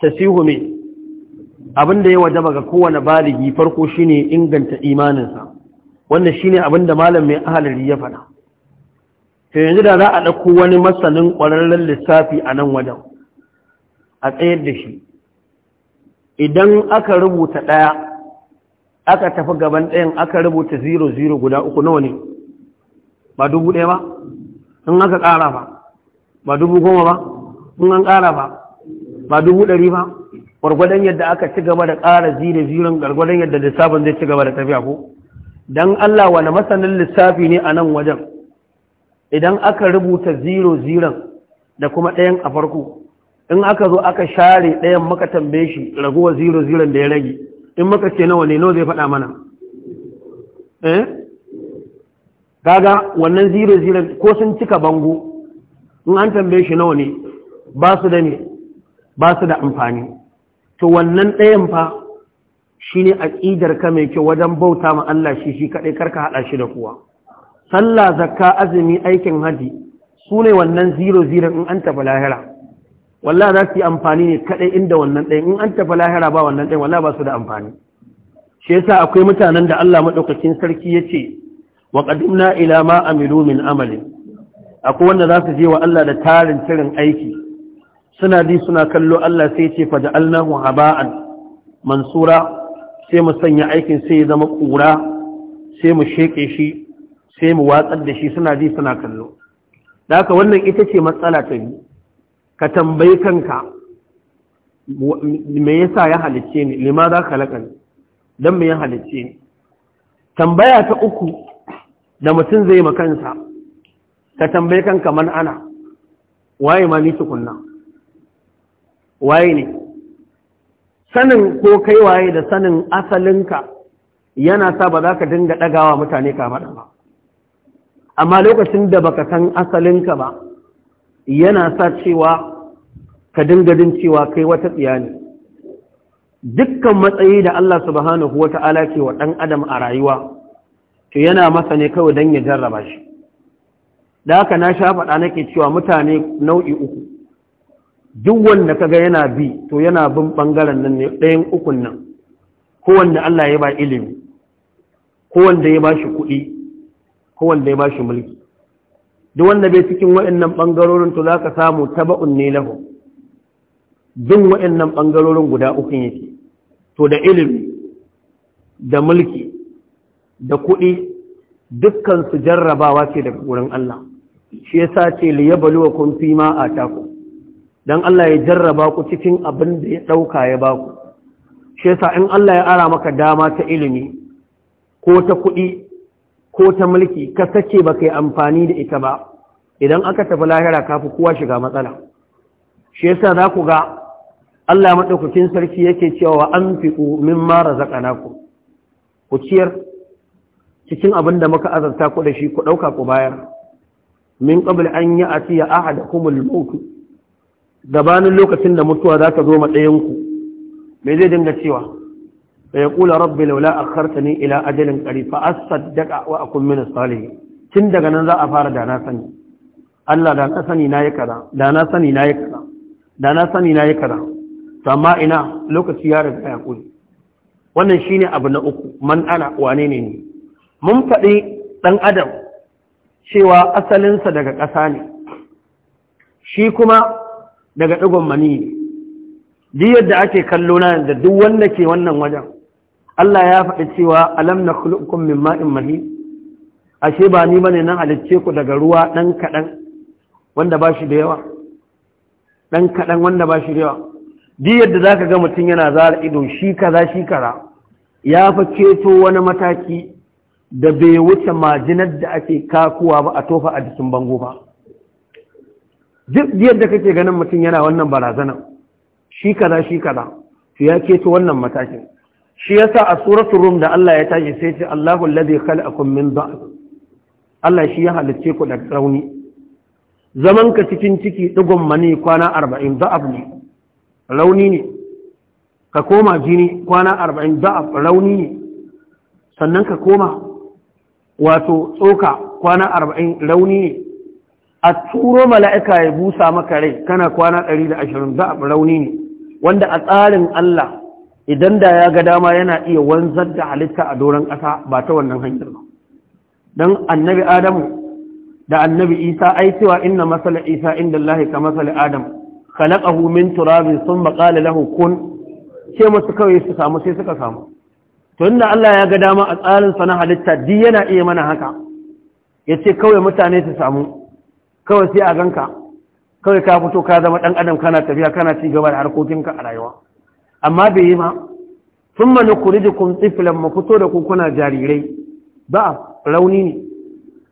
ta sihu mai abinda ya wajaba ga kowane baligi farko shine inganta imaninsa wannan shine abinda mai ahalari ya faɗa to yanzu da za a ɗauko wani masanin ƙwararren lissafi a nan wajen a tsayar da shi idan aka rubuta ɗaya aka tafi gaban ɗayan aka rubuta 00 guda uku nawa ne ba dubu ɗaya ba in aka ƙara ba ba dubu goma ba in an ƙara ba ba dubu ɗari ba gwargwadon yadda aka ci gaba da ƙara zira zirin gwargwadon yadda lissafin zai ci gaba da tafiya ko don allah wani masanin lissafi ne a nan wajen idan aka rubuta zero zero da kuma ɗayan a farko in aka zo aka share ɗayan maka tambaye shi raguwa zero zero da ya rage in maka ce nawa ne nawa zai faɗa mana eh Gaga wannan zero zero ko sun cika bango in an tambaye shi nawa ne ba su da ne ba su da amfani to wannan ɗayan fa shi ne aqidar ka mai kyau wajen bauta ma Allah shi shi kaɗai karka haɗa shi da kowa sallah zakka azumi aikin haji su ne wannan zero zero in an tafi lahira walla za su yi amfani ne kaɗai inda wannan ɗayan in an tafi lahira ba wannan ɗayan walla ba su da amfani shi yasa akwai mutanen da Allah maɗaukakin sarki ya ce wa qadimna ila ma amilu min amali. akwai wanda za su je wa Allah da tarin tirin aiki suna ji suna kallo Allah sai ya ce fa ja'alnahu haba'an mansura sai mu sanya aikin sai ya zama ƙura sai mu sheke shi sai mu watsar da shi suna ji suna kallo da haka wannan ita ce matsala ta biyu ka tambayi kanka me yasa ya halicce ni lima za ka laƙan don me ya halicce ni tambaya ta uku da mutum zai makansa ka tambayi kanka man ana waye ma ni tukunna waye ne sanin ko kai waye da sanin asalinka yana sa ba za ka dinga ɗagawa mutane kamar ba amma lokacin da baka san asalinka ba yana sa cewa ka dingadin cewa kai wata tsiya ne dukkan matsayi da Allah subhanahu wata'ala ke wa ɗan adam a rayuwa to yana masa ne kawai dan ya jarraba shi da haka na sha faɗa nake cewa mutane nau'i uku duk wanda kaga yana bi to yana bin ɓangaren nan ne ɗayan ukun nan ko wanda Allah ya ba ilimi ko wanda ya ba shi kuɗi Kowanne ya ba shi mulki duk wanda bai cikin waɗannan ɓangarorin to za ka samu taba'un ne lahu bin waɗannan ɓangarorin guda uku yake to da ilimi da mulki da kuɗi dukkan su jarrabawa ce daga wurin Allah shi yasa ce baluwa kun fi ma ataku dan Allah ya jarraba ku cikin abin da ya ɗauka ya baku shi yasa in Allah ya ara maka dama ta ilimi ko ta kuɗi ko ta mulki ka sace ba kai amfani da ita ba idan aka tafi lahira kafi kowa shiga matsala shi yasa za ku ga Allah maɗaukakin sarki yake cewa an fiƙo min mara zaƙana ku ku ciyar cikin abin da muka azarta ku da shi ku ɗauka ku bayar min ƙabil an yi a tiya ahada kuma gabanin lokacin da mutuwa za ta zo ku. me zai dinga cewa fa yaqulu rabbi laula akhartani ila ajalin qarib fa asaddaqa wa akun min as tun daga nan za a fara da na sani Allah da na sani na yi kaza da na sani na yi kaza da na sani na yi kaza amma ina lokaci ya riga ya kuli wannan shine abu na uku man ana wane ne ni? mun faɗi ɗan adam cewa asalinsa daga ƙasa ne shi kuma daga ɗigon mani ne duk yadda ake kallo na da duk wanda ke wannan wajen Allah ya faɗi cewa alam na kulukun min ma'in mahi, ashe ba ni ba ne nan halicce ku daga ruwa ɗan kaɗan wanda ba shi da yawa ɗan kaɗan wanda ba shi da yawa Di yadda ka ga mutum yana zara ido shi kaza shi kara ya fa keto wani mataki da bai wuce majinar da ake kakuwa ba a tofa a jikin bango ba duk yadda kake ganin mutum yana wannan barazana shi kaza shi kaza to ya keto wannan matakin shi yasa a suratul rum da Allah ya tashi sai ce Allahu alladhi khalaqakum min dha'f Allah shi ya halicce ku da rauni zaman ka cikin ciki digon mani kwana 40 dha'f ne rauni ne ka koma jini kwana 40 dha'f rauni ne sannan ka koma wato tsoka kwana 40 rauni ne a turo mala'ika ya busa maka rai kana kwana 120 dha'f rauni ne wanda a tsarin Allah idan da ya ga dama yana iya wanzar da halitta a doron ƙasa ba ta wannan hanyar ba don annabi adamu da annabi isa ai cewa inna masala isa inda Allah ka masala adam khalaqahu min turabi sun maƙala lahu kun ce masu kawai su samu sai suka samu tun da Allah ya ga dama a tsarin sa na halitta di yana iya mana haka ya ce kawai mutane su samu kawai sai a ganka kawai ka fito ka zama ɗan adam kana tafiya kana ci gaba da harkokinka a rayuwa amma bai yi ba sun mani kuri kun tsifilan ma fito da kukuna jarirai ba rauni ne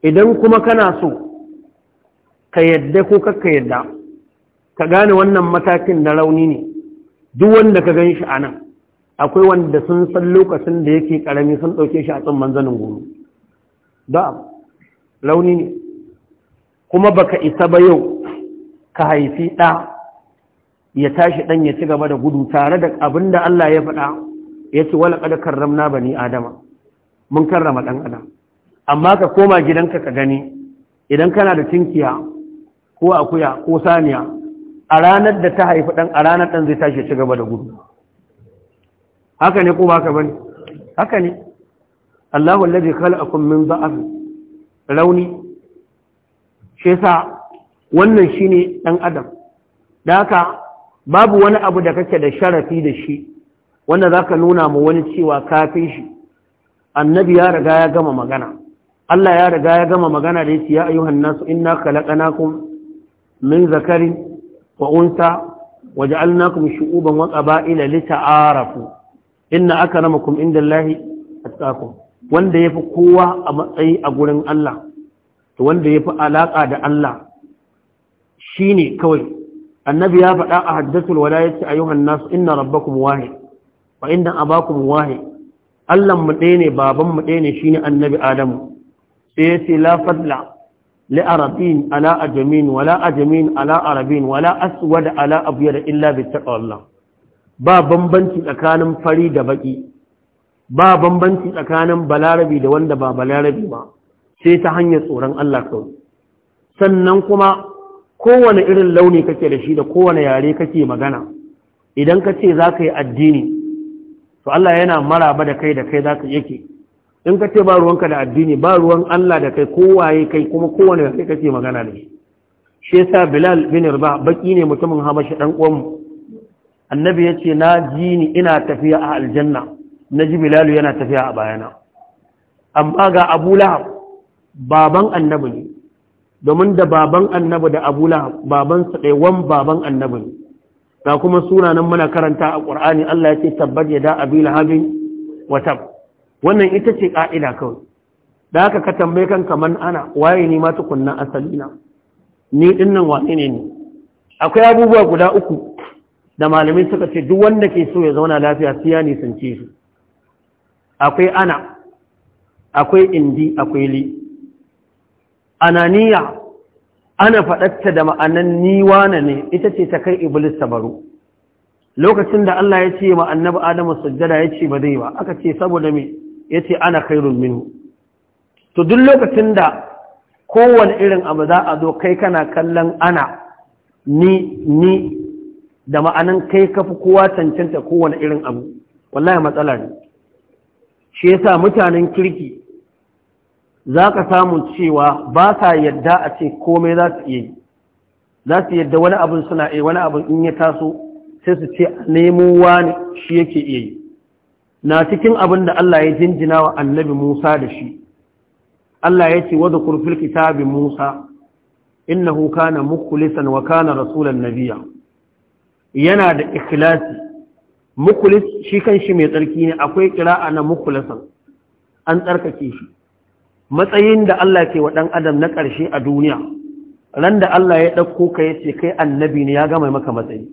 idan kuma kana so ka yadda ko kakka yadda ka gane wannan matakin na rauni ne duk wanda ka gan shi a nan akwai wanda sun san lokacin da yake karami sun ɗauke shi a tsimman zanin goro ba rauni ne kuma baka isa ba yau ka haifi ɗa ya tashi dan ya ci gaba da gudu tare da abinda Allah ya faɗa yace wala qad karramna bani adama mun karrama dan adam amma ka koma gidanka ka gani idan kana da tinkiya ko akuya ko saniya a ranar da ta haifi dan a ranar dan zai tashi ya ci gaba da gudu haka ne ko ba ka bane haka ne Allahu allazi khalaqakum min dha'f rauni shi yasa wannan shine dan adam da haka babu wani abu da kake da sharafi da shi wanda za ka nuna mu wani cewa kafin shi annabi ya riga ya gama magana Allah ya riga ya gama magana da yake ya ayyuhan nasu inna khalaqnakum min zakarin wa unsa waja'alnakum shu'uban wa qaba'ila lita'arafu inna akramakum indallahi attaqakum wanda yafi kowa a matsayi a gurin Allah to wanda yafi alaka da Allah shine kawai annabi ya faɗa a haddatul wala yace ayyuhan nas inna rabbakum wahid wa inna abakum wahid Allah mu ɗaya ne baban mu ɗaya ne shine annabi Adamu sai yace la fadla li arabin ala ajamin wala ajamin ala arabin wala aswad ala abyad illa bi taqwallah ba bambanci tsakanin fari da baki ba bambanci tsakanin balarabi da wanda ba balarabi ba sai ta hanyar tsoron Allah kawai sannan kuma kowane irin launi kake da shi da kowane yare kake magana idan ka ce za ka yi addini to Allah yana maraba da kai da kai za ka yake in ka ce ba ruwanka da addini ba ruwan Allah da kai kowaye kai kuma kowane yare kake magana da shi shi yasa Bilal bin Rabah baki ne mutumin Habashi dan uwanmu annabi yace na ji ni ina tafiya a aljanna na ji Bilal yana tafiya a bayana amma ga Abu Lahab baban annabi ne domin da baban annabi da abu baban su ɗaiwan baban annabi ne kuma sunanan muna karanta a ƙur'ani Allah ya ce tabbat ya da abi lahabin watab wannan ita ce ƙa'ida kawai da haka ka tambaye kan man ana waye ni ma tukunna asali na ni dinnan wane ne ni akwai abubuwa guda uku da malamai suka ce duk wanda ke so ya zauna lafiya sai ya nisance shi akwai ana akwai indi akwai li ananiya ana faɗatta da ma'anan niwana ne ita ce ta kai iblis ta baro lokacin da Allah ya ce ma annabi adamu sujjada ya ce ba zai ba aka ce saboda me ya ce ana khairun minhu to duk lokacin da kowane irin abu za a zo kai kana kallon ana ni ni da ma'anan kai kafi kowa cancanta kowane irin abu wallahi matsala ne shi yasa mutanen kirki za ka samu cewa ba sa yadda a ce komai za su iya yi za su yadda wani abin suna iya wani abin in ya taso sai su ce nemo wani shi yake iya yi na cikin abin da Allah ya jinjina wa annabi Musa da shi Allah ya ce wadda kurfil kitabi Musa innahu kana mukhlisan wa kana rasulan Nabiya, yana da ikhlasi mukhlis shi kan shi mai tsarki ne akwai kira'a na mukhlisan an tsarkake shi matsayin da Allah ke wa ɗan adam na ƙarshe a duniya ran da Allah ya ɗauko ka ya ce kai annabi ne ya gama maka matsayi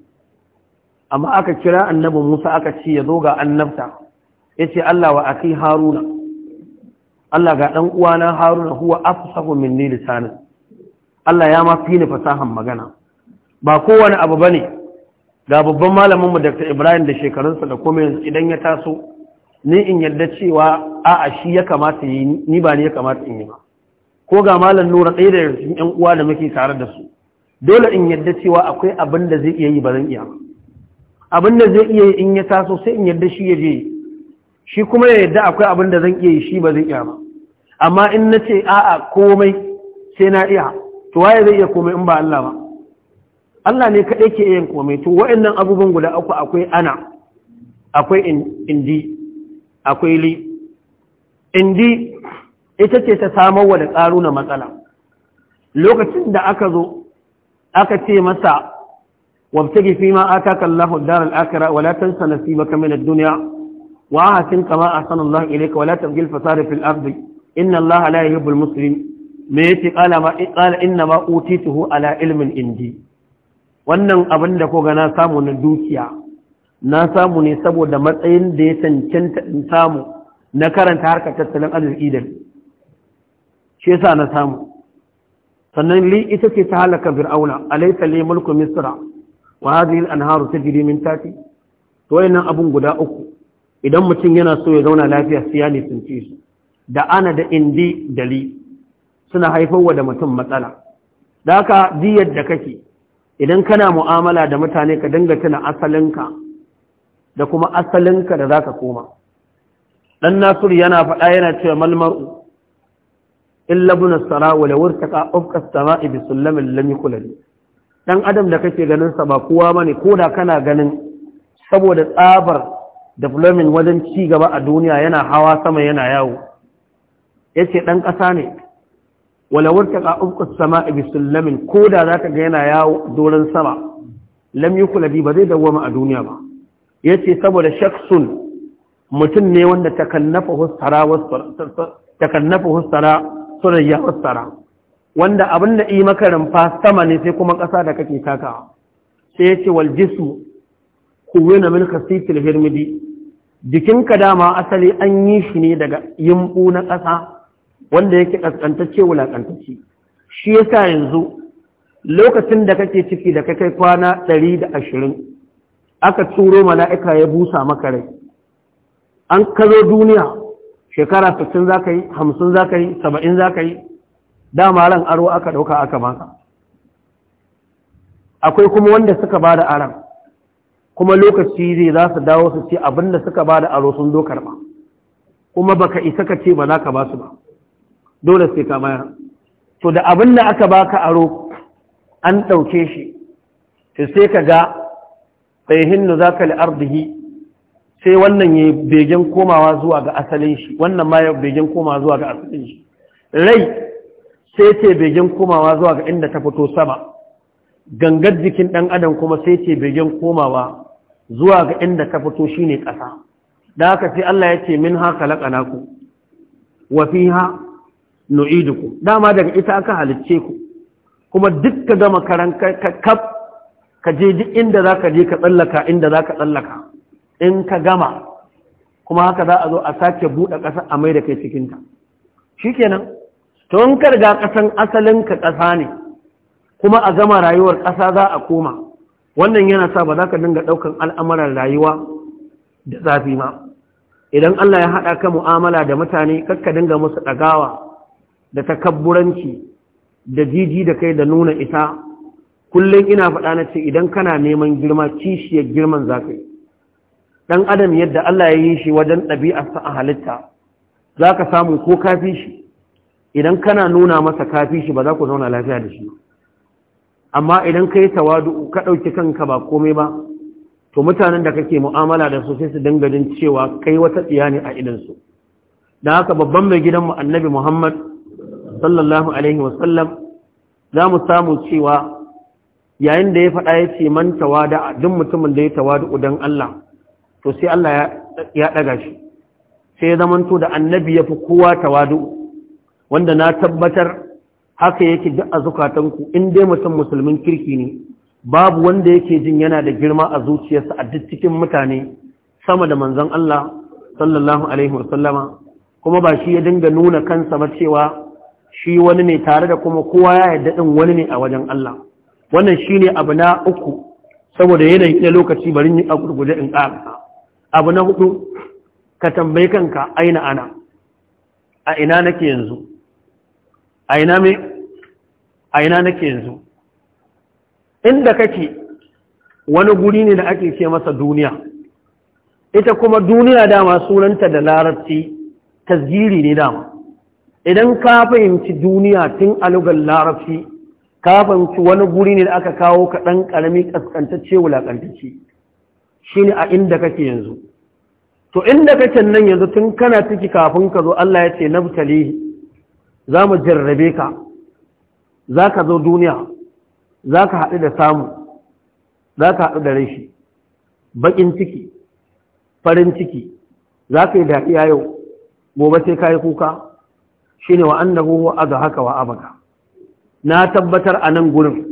amma aka kira annabin Musa aka ce ya zo ga annabta ya ce Allah wa akai Haruna Allah ga ɗan uwana Haruna huwa afsahu minni lisanin Allah ya ma fi ni fasahan magana ba kowane abu bane ga babban malamin mu Dr. Ibrahim da shekarunsa da kuma idan ya taso ni in yarda cewa a'a shi ya kamata yi ni ba ne ya kamata in yi ba ko ga malam nura ɗaya da cikin ƴan uwa da muke tare da su dole in yarda cewa akwai abin da zai iya yi ba zan iya ba. abin da zai iya yi in ya taso sai in yarda shi ya je shi kuma ya yarda akwai abin da zan iya yi shi ba zan iya ba amma in na ce a'a komai sai na iya to waye zai iya komai in ba Allah ba Allah ne kaɗai ke iya komai to wa'annan abubuwan guda uku akwai ana akwai indi akwai li indi ita ce ta samarwa da na matsala lokacin da aka zo aka ce masa wabtagi fi ma ataka Allahu ad-daral akhirah wala tansa nasibaka min ad-dunya wa ahsin kama ahsana Allah ilayka wala tabghil fasada fil ardi inna Allah la yuhibbul Muslim. me yace qala ma qala inna ma utituhu ala ilmin indi wannan abin da ko ga na samu na dukiya na samu ne saboda matsayin da ya cancanta in samu na karanta harkar tattalin arziki da shi yasa na samu sannan li ita ce ta halaka fir'auna alaysa li mulku misra wa hadhihi al-anharu tajri min tati to wayannan abun guda uku idan mutum yana so ya zauna lafiya sai ya nisanci su da ana da indi da li suna haifarwa da mutum matsala da haka diyar da kake idan kana mu'amala da mutane ka dinga tuna asalinka da kuma asalinka da za ka koma Ɗan Nasiru yana faɗa yana cewa malmaru illa bin sara wala wurtaka ufqa samai bi sullamin Lami yukulal Ɗan adam da kake ganin sa ba kowa ko koda kana ganin saboda tsabar development wajen ci gaba a duniya yana hawa sama yana yawo ce ɗan ƙasa ne wala wurtaka ufqa samai bi sullamin koda ka ga yana yawo doron sama Lami ba zai dawwama a duniya ba ya ce saboda shaksun mutum ne wanda takannafa hustara surayya hustara wanda abin da yi maka fa sama ne sai kuma ƙasa da kake taka sai ya ce waljisu kuwe na milka sitil hirmidi jikinka dama asali an yi shi ne daga yimbu na ƙasa wanda yake ƙasƙantacce wulaƙantacce shi yasa yanzu lokacin da kake ciki da kai kwana ɗari da ashirin aka turo mala'ika ya busa maka rai an kazo duniya shekara 60 za ka yi 50 za ka yi 70 za ka yi dama ran aro aka ɗauka aka maka akwai kuma wanda suka ba da aron kuma lokaci zai za su dawo su ce abinda suka ba da aro sun zo karɓa kuma baka isa ka ce ba za ka ba su ba dole sai ka mayar to da abinda aka baka aro an ɗauke shi to sai ka ga fayhinnu zaka li ardihi sai wannan ya begen komawa zuwa ga asalin shi wannan ma ya begen komawa zuwa ga asalin shi rai sai ce begen komawa zuwa ga inda ta fito sama gangar jikin ɗan adam kuma sai ce begen komawa zuwa ga inda ta fito shine ƙasa da haka sai Allah ya ce min haka laƙanaku wa fiha ku. dama daga ita aka halicce ku kuma duk ka gama karan kaf ka je duk inda za ka je ka tsallaka inda za ka tsallaka in ka gama kuma haka za a zo a sake buɗe ƙasa a mai da kai cikinta shi kenan to in ka riga ƙasan asalin ka ƙasa ne kuma a gama rayuwar ƙasa za a koma wannan yana sa ba za ka dinga ɗaukan al'amuran rayuwa da zafi ma idan Allah ya haɗa ka mu'amala da mutane ka dinga musu ɗagawa da takabburanci da jiji da kai da nuna ita kullum ina faɗa na ce idan kana neman girma kishiyar girman za ka yi ɗan adam yadda Allah ya yi shi wajen ɗabi'arsa a halitta za ka samu ko kafi shi idan kana nuna masa kafi shi ba za ku zauna lafiya da shi amma idan ka yi tawadu ka ɗauki kanka ba komai ba to mutanen da kake mu'amala da su su dinga jin cewa kai wata tsiya ne a idansu da haka babban mai gidanmu annabi muhammad sallallahu alaihi wasallam za mu samu cewa yayin da ya faɗa ya ce man tawada a duk mutumin da ya tawada udan Allah to sai Allah ya ɗaga shi sai ya zamanto da annabi ya fi kowa tawadu wanda na tabbatar haka yake duk a zukatanku in dai mutum musulmin kirki ne babu wanda yake jin yana da girma a zuciyarsa a duk cikin mutane sama da manzon Allah sallallahu alaihi wasallama kuma ba shi ya dinga nuna kansa ba cewa shi wani ne tare da kuma kowa ya yarda din wani ne a wajen Allah wannan shi ne abu na uku saboda yanayi na lokaci bari yin a gurguje in ƙara abu na hudu ka tambayi kanka aina ana a ina nake yanzu a ina me a ina nake yanzu inda kake wani guri ne da ake ce masa duniya ita kuma duniya dama sunanta da larabci tasgiri ne dama idan ka fahimci duniya tun alugar larabci kafanci wani guri ne da aka kawo ka ɗan ƙarami ƙasƙantacce wulaƙantacce shi ne a inda kake yanzu to inda kake nan yanzu tun kana ciki kafin ka zo Allah ya ce nabtali za mu jarrabe ka za ka zo duniya za ka haɗu da samu za ka haɗu da rashi baƙin ciki farin ciki za ka yi daɗiya yau gobe sai ka yi kuka shi ne wa haka wa abaka na tabbatar a nan gurin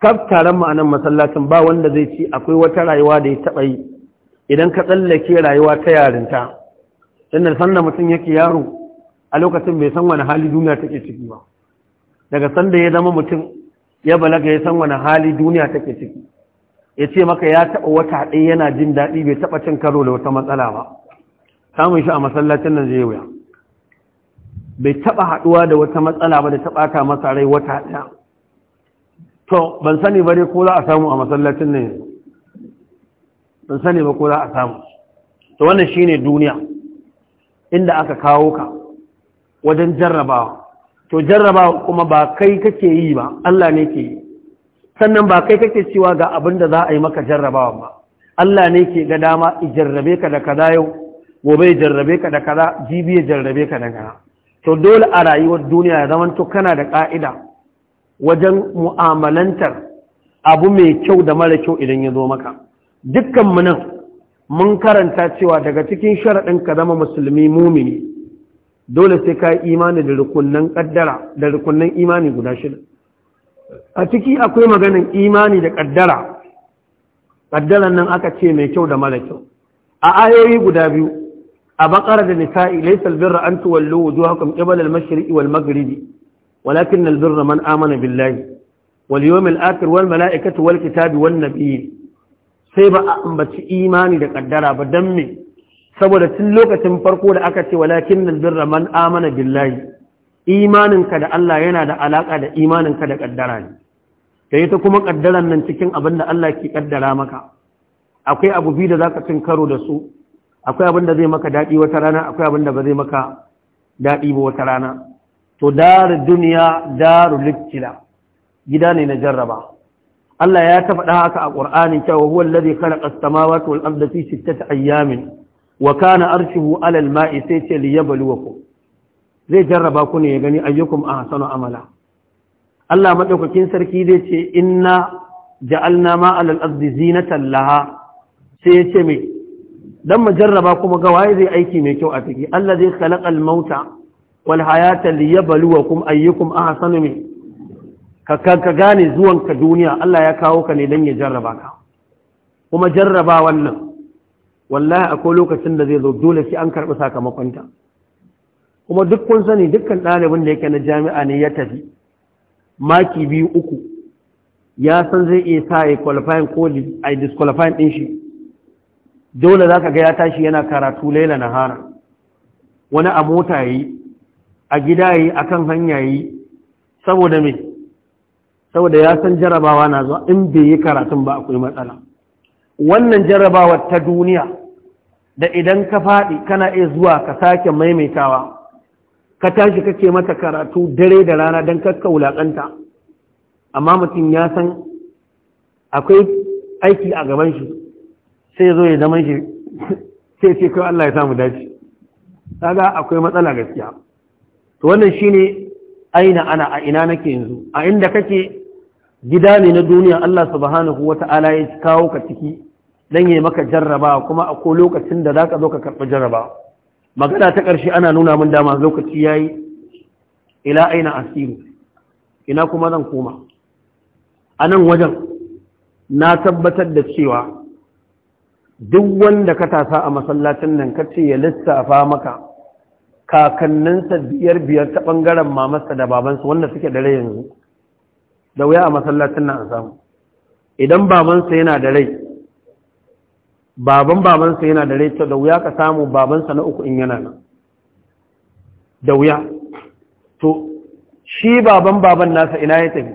taron mu a nan masallacin ba wanda zai ci akwai wata rayuwa da ya taɓa yi idan ka tsallake rayuwa ta yarinta inda sanda mutum yake yaro a lokacin bai san wani hali duniya take ciki ba daga sanda ya zama mutum ya balaga ya san wani hali duniya take ciki ya ce maka ya taɓa wata ɗaya yana jin daɗi bai taɓa cin karo da wata matsala ba samun shi a masallacin nan zai wuya bai taba haduwa da wata matsala ba da taba ta masa rai wata daya to ban sani ba dai ko za a samu a masallacin ne ban sani ba ko za a samu to wannan shine duniya inda aka kawo ka wajen jarrabawa to jarrabawa kuma ba kai kake yi ba Allah ne ke yi sannan ba kai kake cewa ga abin da za a yi maka jarrabawa ba Allah ne ke ga dama jarrabe ka da kaza yau gobe jarrabe ka da kaza jibi jarrabe ka da kaza to dole a rayuwar duniya ya zamanto kana da ƙa'ida wajen mu'amalantar abu mai kyau da mara kyau idan ya zo maka dukkan mu nan mun karanta cewa daga cikin sharaɗin ka zama musulmi mumini dole sai ka yi imani da rukunnan ƙaddara da rukunnan imani guda shida a ciki akwai maganin imani da ƙaddara Ƙaddara nan aka ce mai kyau da mara kyau a ayoyi guda biyu a bakara da nisa'i laysa albirra an tuwallu wujuhakum qibala al-mashriqi wal maghribi walakin albirra man amana billahi wal yawmil akhir wal mala'ikati wal kitabi wan nabiyyi sai ba a ambaci imani da kaddara ba dan me saboda tun lokacin farko da aka ce walakin albirra man amana billahi imaninka da Allah yana da alaka da imaninka da kaddara ne da ita kuma kaddaran nan cikin abin da Allah ke kaddara maka akwai abu biyu da zaka cin karo da su akwai abin da zai maka daɗi wata rana akwai abin da ba zai maka daɗi ba wata rana to daru duniya daru littila gida ne na jarraba Allah ya ta faɗa haka a ƙur'ani cewa huwa allazi khalaqa as-samawati wal arda fi sittati ayyamin wa kana arshuhu 'ala al-ma'i sai ce liyabluwakum zai jarraba ku ne ya gani ayyukum ahsanu amala Allah madaukakin sarki zai ce inna ja'alna ma 'ala al-ardi zinatan laha sai ya ce me dan mu jarraba kuma ga waye zai aiki mai kyau a ciki Allah zai khalaqal mauta wal hayata liyabluwakum ayyukum ahsanu min ka ka gane zuwan ka duniya Allah ya kawo ka ne dan ya jarraba ka kuma jarraba wannan wallahi akwai lokacin da zai zo dole sai an karɓi sakamakon ta kuma duk kun sani dukkan ɗalibin da yake na jami'a ne ya tafi maki biyu uku ya san zai iya sa ya qualifying ko ai disqualifying din shi dole za ka ga ya tashi yana karatu laila na hara. wani a mota yi a gida yi a kan hanya yi saboda mai saboda ya san jarabawa na zuwa in bai yi karatun ba akwai matsala wannan jarabawar ta duniya da idan ka faɗi kana iya zuwa ka sake maimaitawa ka tashi kake mata karatu dare da rana don kakka wulaƙanta amma mutum ya san akwai aiki a gaban shi sai zo ya zama shi sai ce kawai Allah ya samu dace kaga akwai matsala gaskiya to wannan shine aina ana a ina nake yanzu a inda kake gida ne na duniya Allah subhanahu wata'ala ya kawo ka ciki dan yayi maka jarraba kuma akwai lokacin da zaka zo ka karɓi jarraba magana ta ƙarshe ana nuna min dama lokaci yayi ila aina asiru ina kuma zan koma Anan wajen na tabbatar da cewa duk wanda ka tasa a masallacin nan ka ce ya lissafa maka kakanninsa biyar biyar ta ɓangaren mamarsa da babansa wanda suke da rai yanzu da wuya a masallacin nan a samu idan babansa yana da rai baban babansa yana da rai to da wuya ka samu babansa na uku in yana nan da wuya to shi baban baban nasa ina ya tafi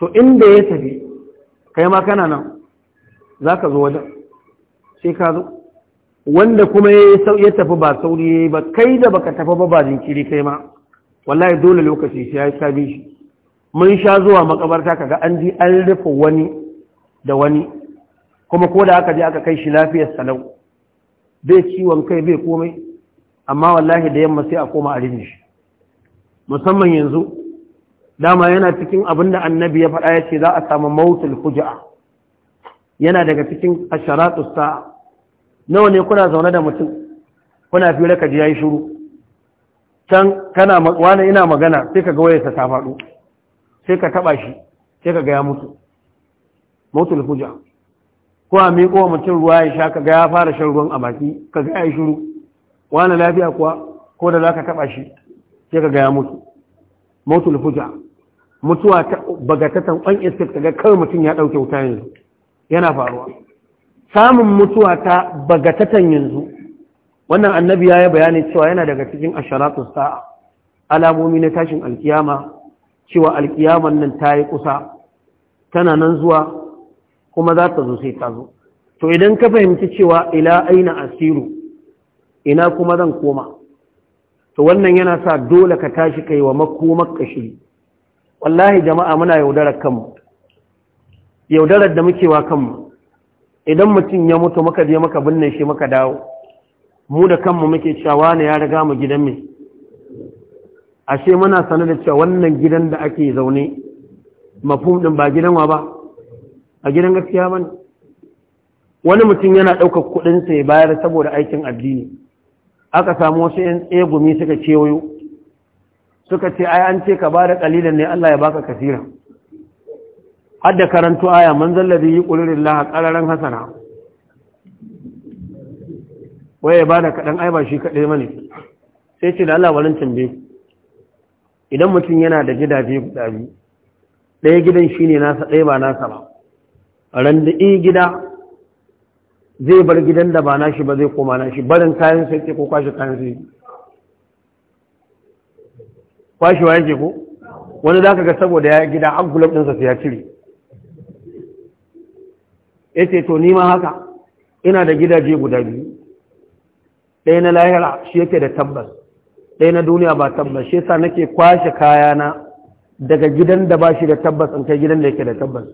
to inda ya tafi kai ma kana nan za ka zo wajen sai ka zo wanda kuma ya tafi ba sauri ya yi ba kai da baka tafi ba ba jinkiri kai ma wallahi dole lokaci sai ya sabi shi mun sha zuwa makabarta kaga an ji an rufe wani da wani kuma ko da aka je aka kai shi lafiyar salau bai ciwon kai bai komai amma wallahi da yamma sai a koma a rinji shi musamman yanzu dama yana cikin abin da annabi ya faɗa ya ce za a samu mautul fuja'a yana daga cikin asharatu sa'a nawa ne kuna zaune da mutum kuna fira ka ji yayi shiru can kana wani ina magana sai ka ga wayarsa ta faɗo sai ka taba shi sai ka ga ya mutu mutul fuja ko a miƙo mutum ruwa ya sha ka ga ya fara shan ruwan a baki ka ga yayi shiru wani lafiya kuwa ko da zaka taba shi sai ka ga ya mutu mutul fuja mutuwa ta bagatatan on iskar ka ga kawai mutum ya dauke wuta yanzu yana faruwa samun mutuwa ta bagatatan yanzu wannan annabi ya yi bayani cewa yana daga cikin asharatun sa'a alamomi na tashin alkiyama cewa alkiyaman nan ta yi kusa tana nan zuwa kuma za ta zo sai ta zo to idan ka fahimci cewa ila aina asiru ina kuma zan koma to wannan yana sa dole ka tashi kai wa makomar kashi wallahi jama'a muna yaudarar kanmu yaudarar da muke wa kanmu idan mutum ya mutu muka je muka binne shi muka dawo mu da kanmu muke cewa ne ya riga mu gidan mai ashe muna sanar da cewa wannan gidan da ake zaune mafum din ba gidan wa ba a gidan gaskiya bane wani mutum yana ɗaukar sa ya bayar saboda aikin addini aka samu wasu 'yan tsegumi suka cewayo suka ce ai an ce ka bada da ne Allah ya baka kasira hadda karanto aya man zallabi yi ƙulurin laha ƙararren hasana waye ba da kaɗan ai ba shi kaɗai mane sai ce da Allah walin tambe idan mutum yana da gidaje guda biyu ɗaya gidan shi ne nasa ɗaya ba nasa ba randa i gida zai bar gidan da ba nashi ba zai koma nashi barin kayan sai ce ko kwashe kayan sai kwashewa yake ko wani za ka ga saboda ya gida an gulab ɗinsa sai ya cire ya ce to nima haka ina da gidaje guda biyu ɗaya na lahira shi yake da tabbas ɗaya na duniya ba tabbas shi yasa nake kwashe kayana daga gidan da ba shi da tabbas in kai gidan da yake da tabbas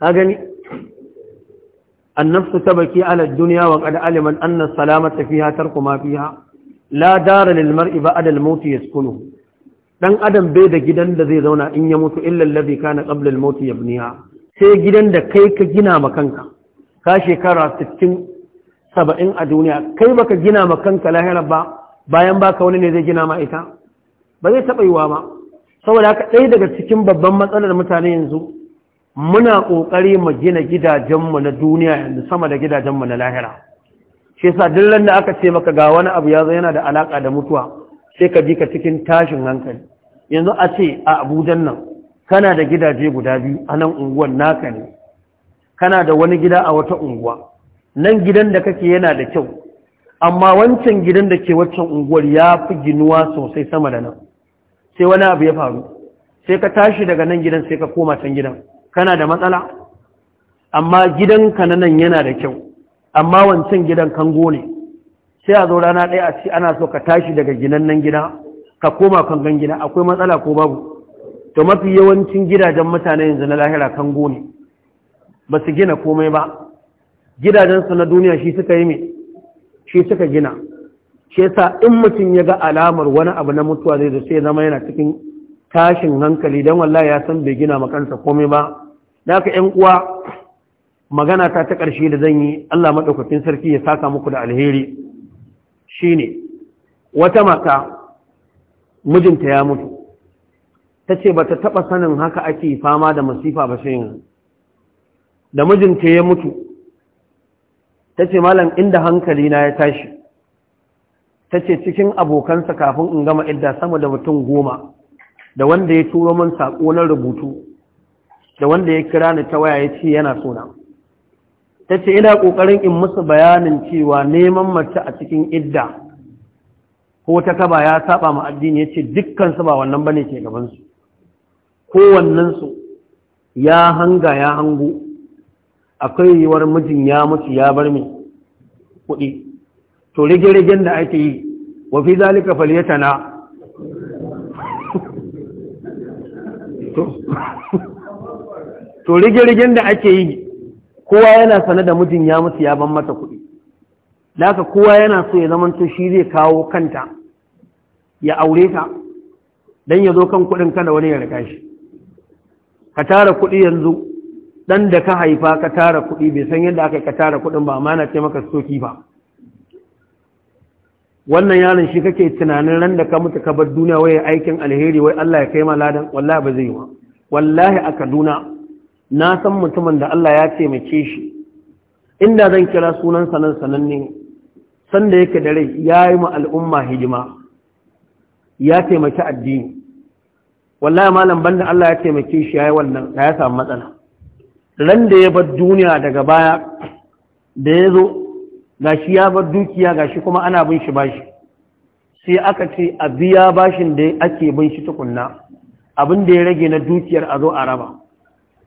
ha gani annafsu tabaki ala duniya wa qad aliman anna salamata fiha tarku ma fiha la dara lil mar'i ba adal maut yaskunu dan adam bai da gidan da zai zauna in ya mutu illa allazi kana qabla al maut yabniha sai gidan da kai ka gina makanka ka shekara 60 saba'in a duniya kai baka gina makanka lahira ba bayan baka wani ne zai gina ma ita ba zai taɓa yi wa ba saboda haka ɗaya daga cikin babban matsalar mutane yanzu muna ƙoƙari mu gina gidajenmu na duniya yanzu sama da gidajenmu na lahira shi yasa dillan da aka ce maka ga wani abu ya zo yana da alaƙa da mutuwa sai ka bi ka cikin tashin hankali yanzu a ce a abujan nan kana da gidaje guda biyu a nan unguwan naka ne kana da wani gida a wata unguwa nan gidan da kake yana da kyau amma wancan gidan da ke waccan unguwar ya fi ginuwa sosai sama da nan sai wani abu ya faru sai ka tashi daga nan gidan sai ka koma can gidan kana da matsala amma ka na nan yana da kyau amma wancan gidan kango ne sai a zo rana ɗaya a ce ana so ka tashi daga gidan nan gida ka koma kangan gida akwai matsala ko babu to mafi yawancin gidajen mutane yanzu na lahira kan ne ba su gina komai ba gidajensu na duniya shi suka yi mai shi suka gina shi yasa in mutum ya ga alamar wani abu na mutuwa zai zo sai zama yana cikin tashin hankali don wallahi ya san bai gina makansa komai ba da aka yan uwa magana ta ta ƙarshe da zan yi Allah maɗaukakin sarki ya saka muku da alheri shine wata mata mijinta ya mutu ta ce ba ta taɓa sanin haka ake fama da masifa ba shi yanzu da mijinta ya mutu ta ce malam inda hankali na ya tashi ta ce cikin abokansa kafin in gama idda sama da mutum goma da wanda ya turo min saƙo na rubutu da wanda ya kira ni ta waya ya ce yana sona ta ce ina ƙoƙarin in musu bayanin cewa neman mace a cikin idda ko ta kaba ya saba ma addini ya ce su ba wannan bane ke gabansu kowannensu ya hanga ya hango akwai yiwuwar mijin ya mutu ya bar mai kuɗi to rige ragen da ake yi wa fi zalika falyata na to rige-rigen da ake yi kowa yana sane da mijin ya mutu ya ban mata kuɗi laka kowa yana so ya zamanta shi zai kawo kanta ya aure ta don ya zo kan kuɗin kada wani ya rika shi ka tara kuɗi yanzu ɗan da ka haifa ka tara kuɗi bai san yadda aka yi ka tara kuɗin ba na ce maka soki ba wannan yaron shi kake tunanin ran da ka mutu ka bar duniya waye aikin alheri wai Allah ya kai ma ladan wallahi ba zai yi ba wallahi a Kaduna na san mutumin da Allah ya taimake shi inda zan kira sunan sanan sananne san yake da rai yayi ma al'umma hidima, ya taimaki addini wallahi malam banda Allah ya taimake shi yayi wannan da ya samu matsala ran da ya bar duniya daga baya da ya zo gashi ya bar dukiya gashi kuma ana bin shi bashi sai aka ce a biya bashin da ake bin shi tukunna abin da ya rage na dukiyar a zo a raba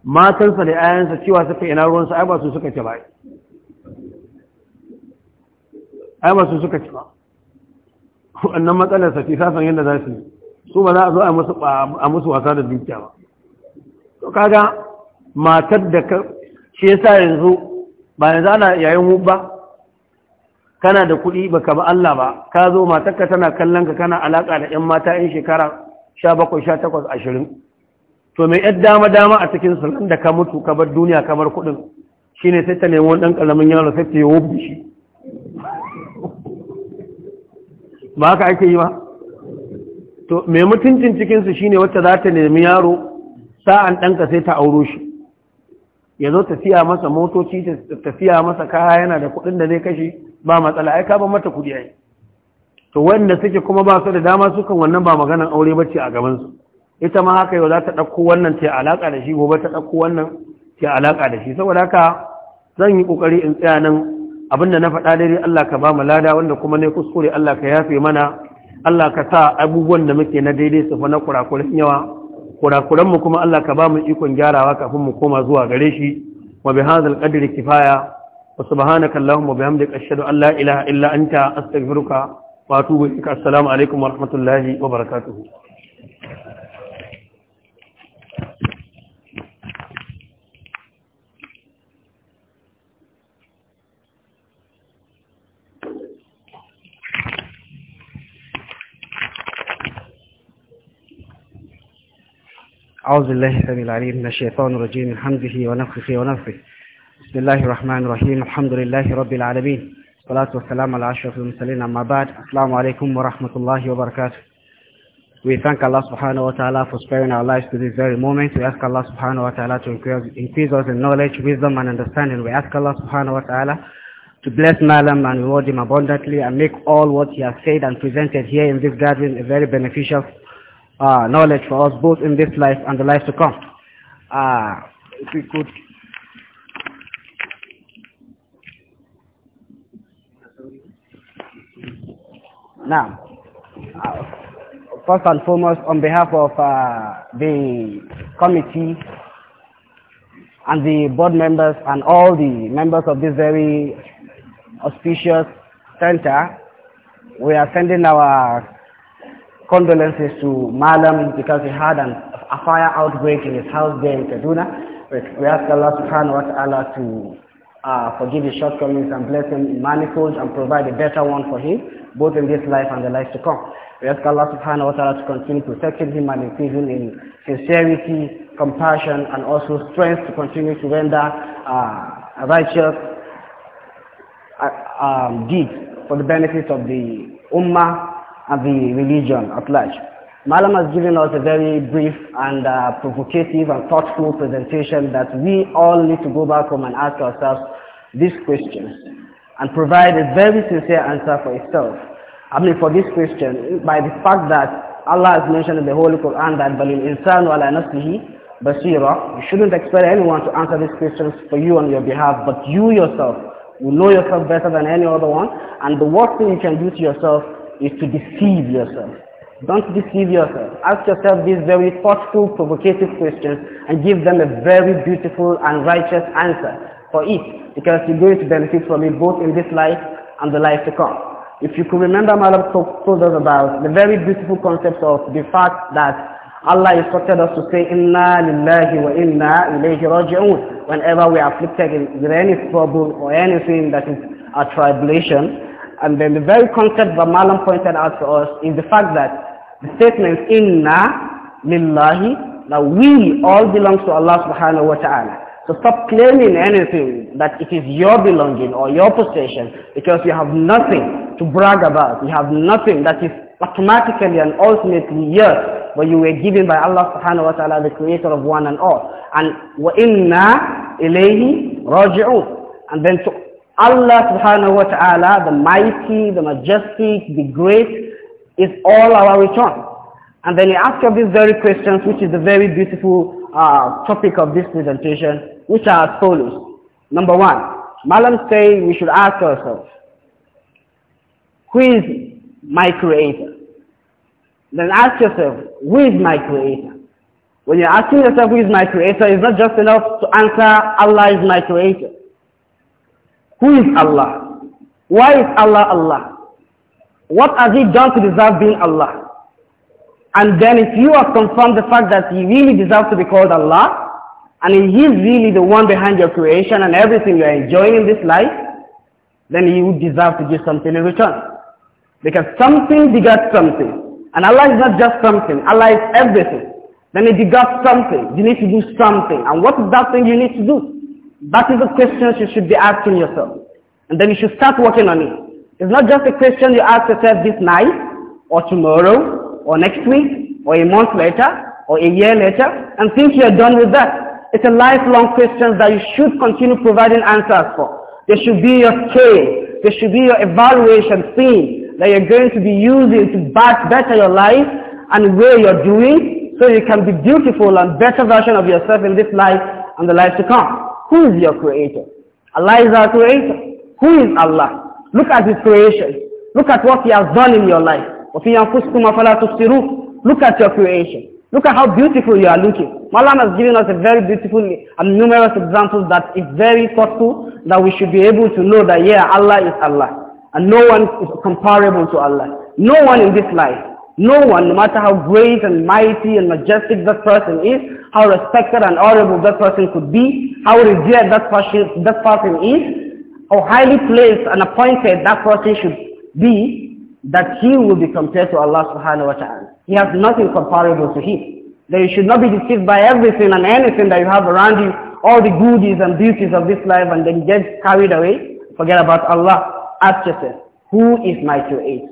matansa da 'ya'yansa cewa suka ina ruwansa ai ba su suka ci ba ai ba su suka ci ba wannan matsalar sa fi sasan yadda za su yi su ba za a zo a musu wasa da dukiya ba to kaga matar da ka shi sa yanzu ba yanzu ana yayin hu ba kana da kuɗi baka ba Allah ba ka zo matarka tana kallon ka kana alaƙa da yan mata ƴan shekara 17 18 ashirin. to mai yan dama dama a cikin sunan da ka mutu ka bar duniya kamar kuɗin shine sai ta ɗan ƙaramin yaro sai ta yi shi ba haka ake yi ba to mai mutuncin cikinsu shine wacce za ta nemi yaro sa'an ɗanka sai ta auro shi ya zo ta siya masa motoci ta siya masa kaya yana da kuɗin da zai kashe ba matsala ai ba mata kuɗi ai to wanda suke kuma ba su da dama sukan wannan ba maganan aure bace a gabansu ita ma haka yau za ta ɗauko wannan ta alaƙa da shi gobe ta ɗauko wannan ta alaƙa da shi saboda haka zan yi ƙoƙari in tsaya nan abinda na faɗa daidai Allah ka ba mu lada wanda kuma ne kuskure Allah ka yafe mana Allah ka sa abubuwan da muke na daidai su fa na kurakuran yawa kurakuran mu kuma Allah ka ba mu ikon gyarawa kafin mu koma zuwa gare shi wa bi hadzal qadri kifaya wa subhanaka allahumma bihamdika ashhadu an la ilaha illa anta astaghfiruka wa atubu ilaik assalamu alaikum wa rahmatullahi wa barakatuh أعوذ بالله السميع العليم من الشيطان الرجيم من حمده ونفخه ونفخه بسم الله الرحمن الرحيم الحمد لله رب العالمين والصلاة والسلام على أشرف المرسلين أما بعد السلام عليكم ورحمة الله وبركاته We thank Allah subhanahu wa ta'ala for sparing our lives to this very moment. We ask Allah subhanahu wa ta'ala to increase, increase us in knowledge, wisdom and understanding. We ask Allah subhanahu wa ta'ala to bless Malam and reward him abundantly and make all what he has said and presented here in this gathering a very beneficial uh, knowledge for us both in this life and the life to come. Uh, if we could Now, uh, first and foremost, on behalf of uh, the committee and the board members and all the members of this very auspicious center, we are sending our condolences to Malam because he had an, a fire outbreak in his house there in Kaduna. We ask Allah subhanahu wa ta'ala to uh, forgive his shortcomings and bless him in manifolds and provide a better one for him, both in this life and the life to come. We ask Allah subhanahu wa ta'ala to continue protecting him and him in sincerity, compassion, and also strength to continue to render uh, righteous uh, um, for the benefit of the Ummah and the religion at large. Malam has given us a very brief and uh, provocative and thoughtful presentation that we all need to go back home and ask ourselves these questions and provide a very sincere answer for itself. I mean, for this question, by the fact that Allah has mentioned in the Holy Quran that بَلِلْ Insan عَلَى نَفْسِهِ Basira, You shouldn't expect anyone to answer these questions for you on your behalf, but you yourself, you know yourself better than any other one, and the worst thing you can do to yourself is to deceive yourself. Don't deceive yourself. Ask yourself these very thoughtful, provocative questions and give them a very beautiful and righteous answer for it because you're going to benefit from it both in this life and the life to come. If you could remember, Malak told us about the very beautiful concept of the fact that Allah instructed us to say, Inna lillahi wa inna ilayhi raji'un. Whenever we are afflicted with any trouble or anything that is a tribulation, and then the very concept that Malam pointed out to us is the fact that the statement inna lillahi, that we all belong to Allah subhanahu wa ta'ala. So stop claiming anything that it is your belonging or your possession because you have nothing to brag about. You have nothing that is automatically and ultimately yours, but you were given by Allah subhanahu wa ta'ala, the creator of one and all. And inna ilayhi رَاجِعُونَ And then to Allah subhanahu wa ta'ala, the mighty, the majestic, the great, is all our return. And then he asked of these very questions, which is the very beautiful uh, topic of this presentation, which are as follows. Number one, Malam say we should ask ourselves, who is my creator? Then ask yourself, who is my creator? When you're asking yourself who is my creator, it's not just enough to answer Allah is my creator. Who is Allah? Why is Allah Allah? What has he done to deserve being Allah? And then if you have confirmed the fact that he really deserves to be called Allah, and He is really the one behind your creation and everything you're enjoying in this life, then He would deserve to give something in return. Because something begets something. And Allah is not just something. Allah is everything. Then He deserves something. You need to do something. And what is that thing you need to do? That is the question you should be asking yourself. And then you should start working on it. It's not just a question you ask yourself this night, or tomorrow, or next week, or a month later, or a year later, and think you're done with that. It's a lifelong question that you should continue providing answers for. There should be your scale. There should be your evaluation thing that you're going to be using to back better your life and where you're doing so you can be beautiful and better version of yourself in this life and the life to come. Who is your creator? Allah is our creator. Who is Allah? Look at his creation. Look at what he has done in your life. Look at your creation. Look at how beautiful you are looking. Malam has given us a very beautiful and numerous examples that is very thoughtful that we should be able to know that yeah, Allah is Allah. And no one is comparable to Allah. No one in this life, no one, no matter how great and mighty and majestic that person is, how respected and honorable that person could be, how revered that person, that person is, how highly placed and appointed that person should be, that he will be compared to Allah subhanahu wa ta'ala. He has nothing comparable to him. That you should not be deceived by everything and anything that you have around you, all the goodies and beauties of this life and then get carried away. Forget about Allah. Ask yourself, who is my true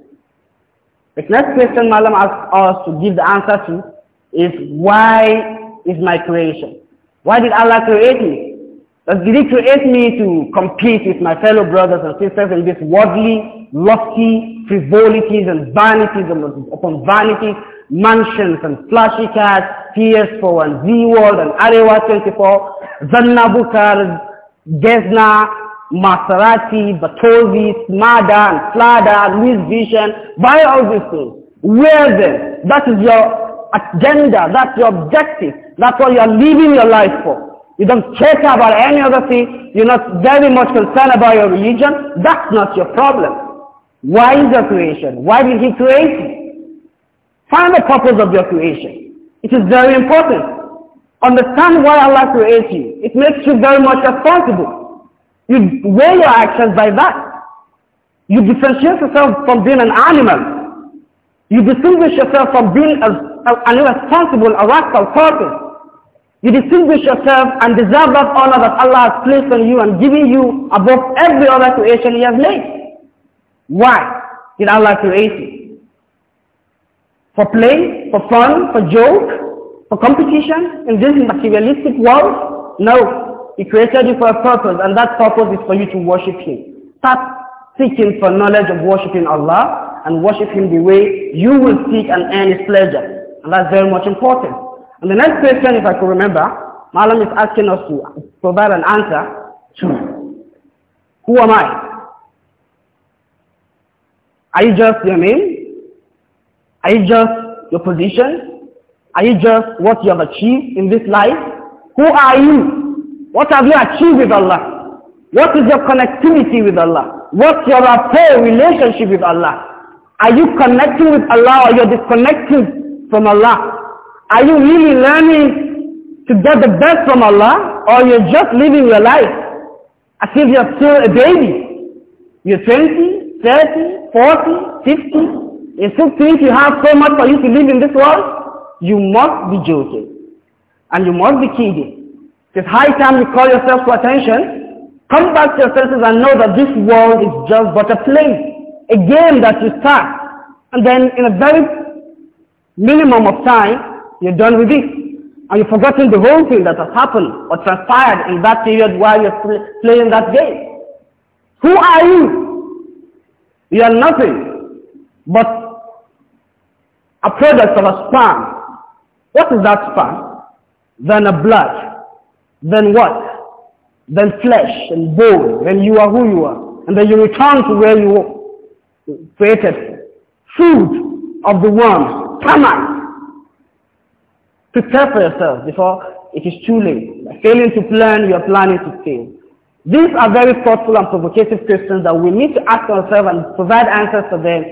The next question Malam asks us to give the answer to is why is my creation. Why did Allah create me? Does did he create me to compete with my fellow brothers and sisters in this worldly, lofty frivolities and vanities and upon vanities, mansions and flashy cars, PS4 and Z-World and Arewa 24, Zannabukar, Gesna, Maserati, Batozi, Smada and Flada, Miss Vision, buy all these things. Wear them. That is your agenda, that's your objective, that's what you are living your life for. You don't care about any other thing, you're not very much concerned about your religion, that's not your problem. Why is your creation? Why did he create you? Find the purpose of your creation. It is very important. Understand why Allah created you. It makes you very much responsible. You weigh your actions by that. You differentiate yourself from being an animal. You distinguish yourself from being a an irresponsible, a rascal person. You distinguish yourself and deserve that honor that Allah has placed on you and given you above every other creation He has made. Why did Allah create you? For play, for fun, for joke, for competition in this materialistic world? No. He created you for a purpose and that purpose is for you to worship Him. Start seeking for knowledge of worshiping Allah and worship Him the way you will seek and earn His pleasure. And that's very much important. And the next question, if I could remember, Malam is asking us to provide an answer to who am I? Are you just your name? Are you just your position? Are you just what you have achieved in this life? Who are you? What have you achieved with Allah? What is your connectivity with Allah? What's your rapport relationship with Allah? Are you connecting with Allah or you're disconnecting from Allah? Are you really learning to get the best from Allah or you're just living your life as if you're still a baby? You're 20, 30, 40, 50. You still think you have so much for you to live in this world? You must be joking. And you must be kidding. It's high time you call yourself to attention. Come back to your senses and know that this world is just but a play. A game that you start. And then in a very minimum of time, you're done with it. And you've forgotten the whole thing that has happened or transpired in that period while you're pl playing that game. Who are you? You are nothing but a product of a sperm. What is that sperm? Then a blood. Then what? Then flesh and bone. Then you are who you are. And then you return to where you were created. Food of the worms on, prepare for yourself before it is too late failing to plan you are planning to fail these are very thoughtful and provocative questions that we need to ask ourselves and provide answers to them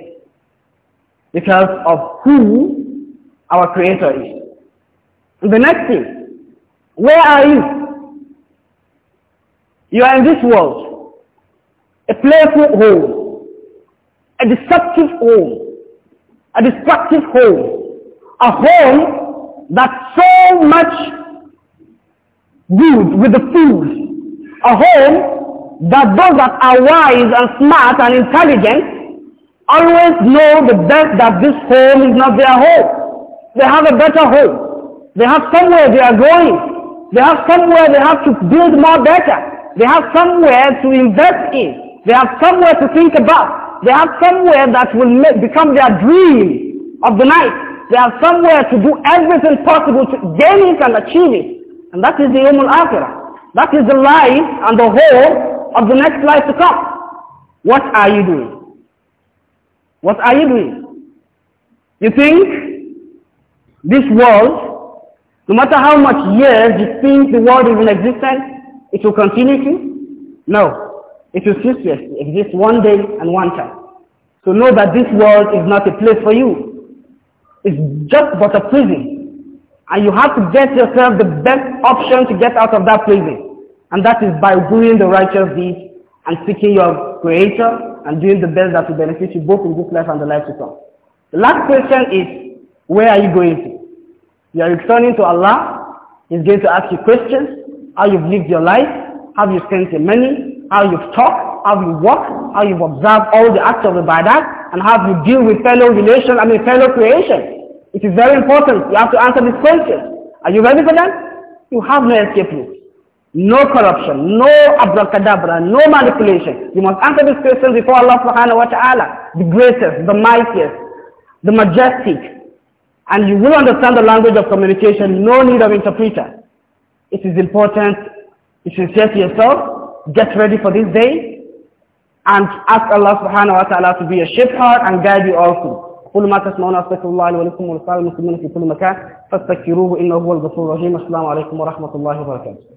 because of who our Creator is. And the next thing, where are you? You are in this world, a playful home, a deceptive home, a destructive home, a home that so much good with the food, a home that those that are wise and smart and intelligent always know the best that this home is not their home. They have a better home. They have somewhere they are going. They have somewhere they have to build more better. They have somewhere to invest in. They have somewhere to think about they have somewhere that will make, become their dream of the night. They have somewhere to do everything possible to gain it and achieve it. And that is the Umul That is the life and the whole of the next life to come. What are you doing? What are you doing? You think this world, no matter how much years you think the world is in existence, it will continue to? No. It will cease exist one day and one time. So know that this world is not a place for you. It's just but a prison. And you have to get yourself the best option to get out of that prison. And that is by doing the righteous deeds and seeking your Creator and doing the best that will benefit you both in this life and the life to come. The last question is, where are you going to? You are returning to Allah. He's going to ask you questions. How you've lived your life. Have you spent your money? how you've talked, how you walk, how you've observed all the acts of the ibadah, and how you deal with fellow relation, I mean fellow creation. It is very important. You have to answer these questions. Are you ready for that? You have no escape route. No corruption, no abracadabra, no manipulation. You must answer these questions before Allah subhanahu wa ta'ala, the greatest, the mightiest, the majestic. And you will understand the language of communication, no need of interpreter. It is important you should say to yourself, get ready for this day and ask Allah subhanahu wa ta'ala to be a shepherd and guide you also. قل ما تسمعون أستغفر الله لي ولكم ولسائر المسلمين في كل مكان فاستغفروه إنه هو الغفور الرحيم السلام عليكم ورحمة الله وبركاته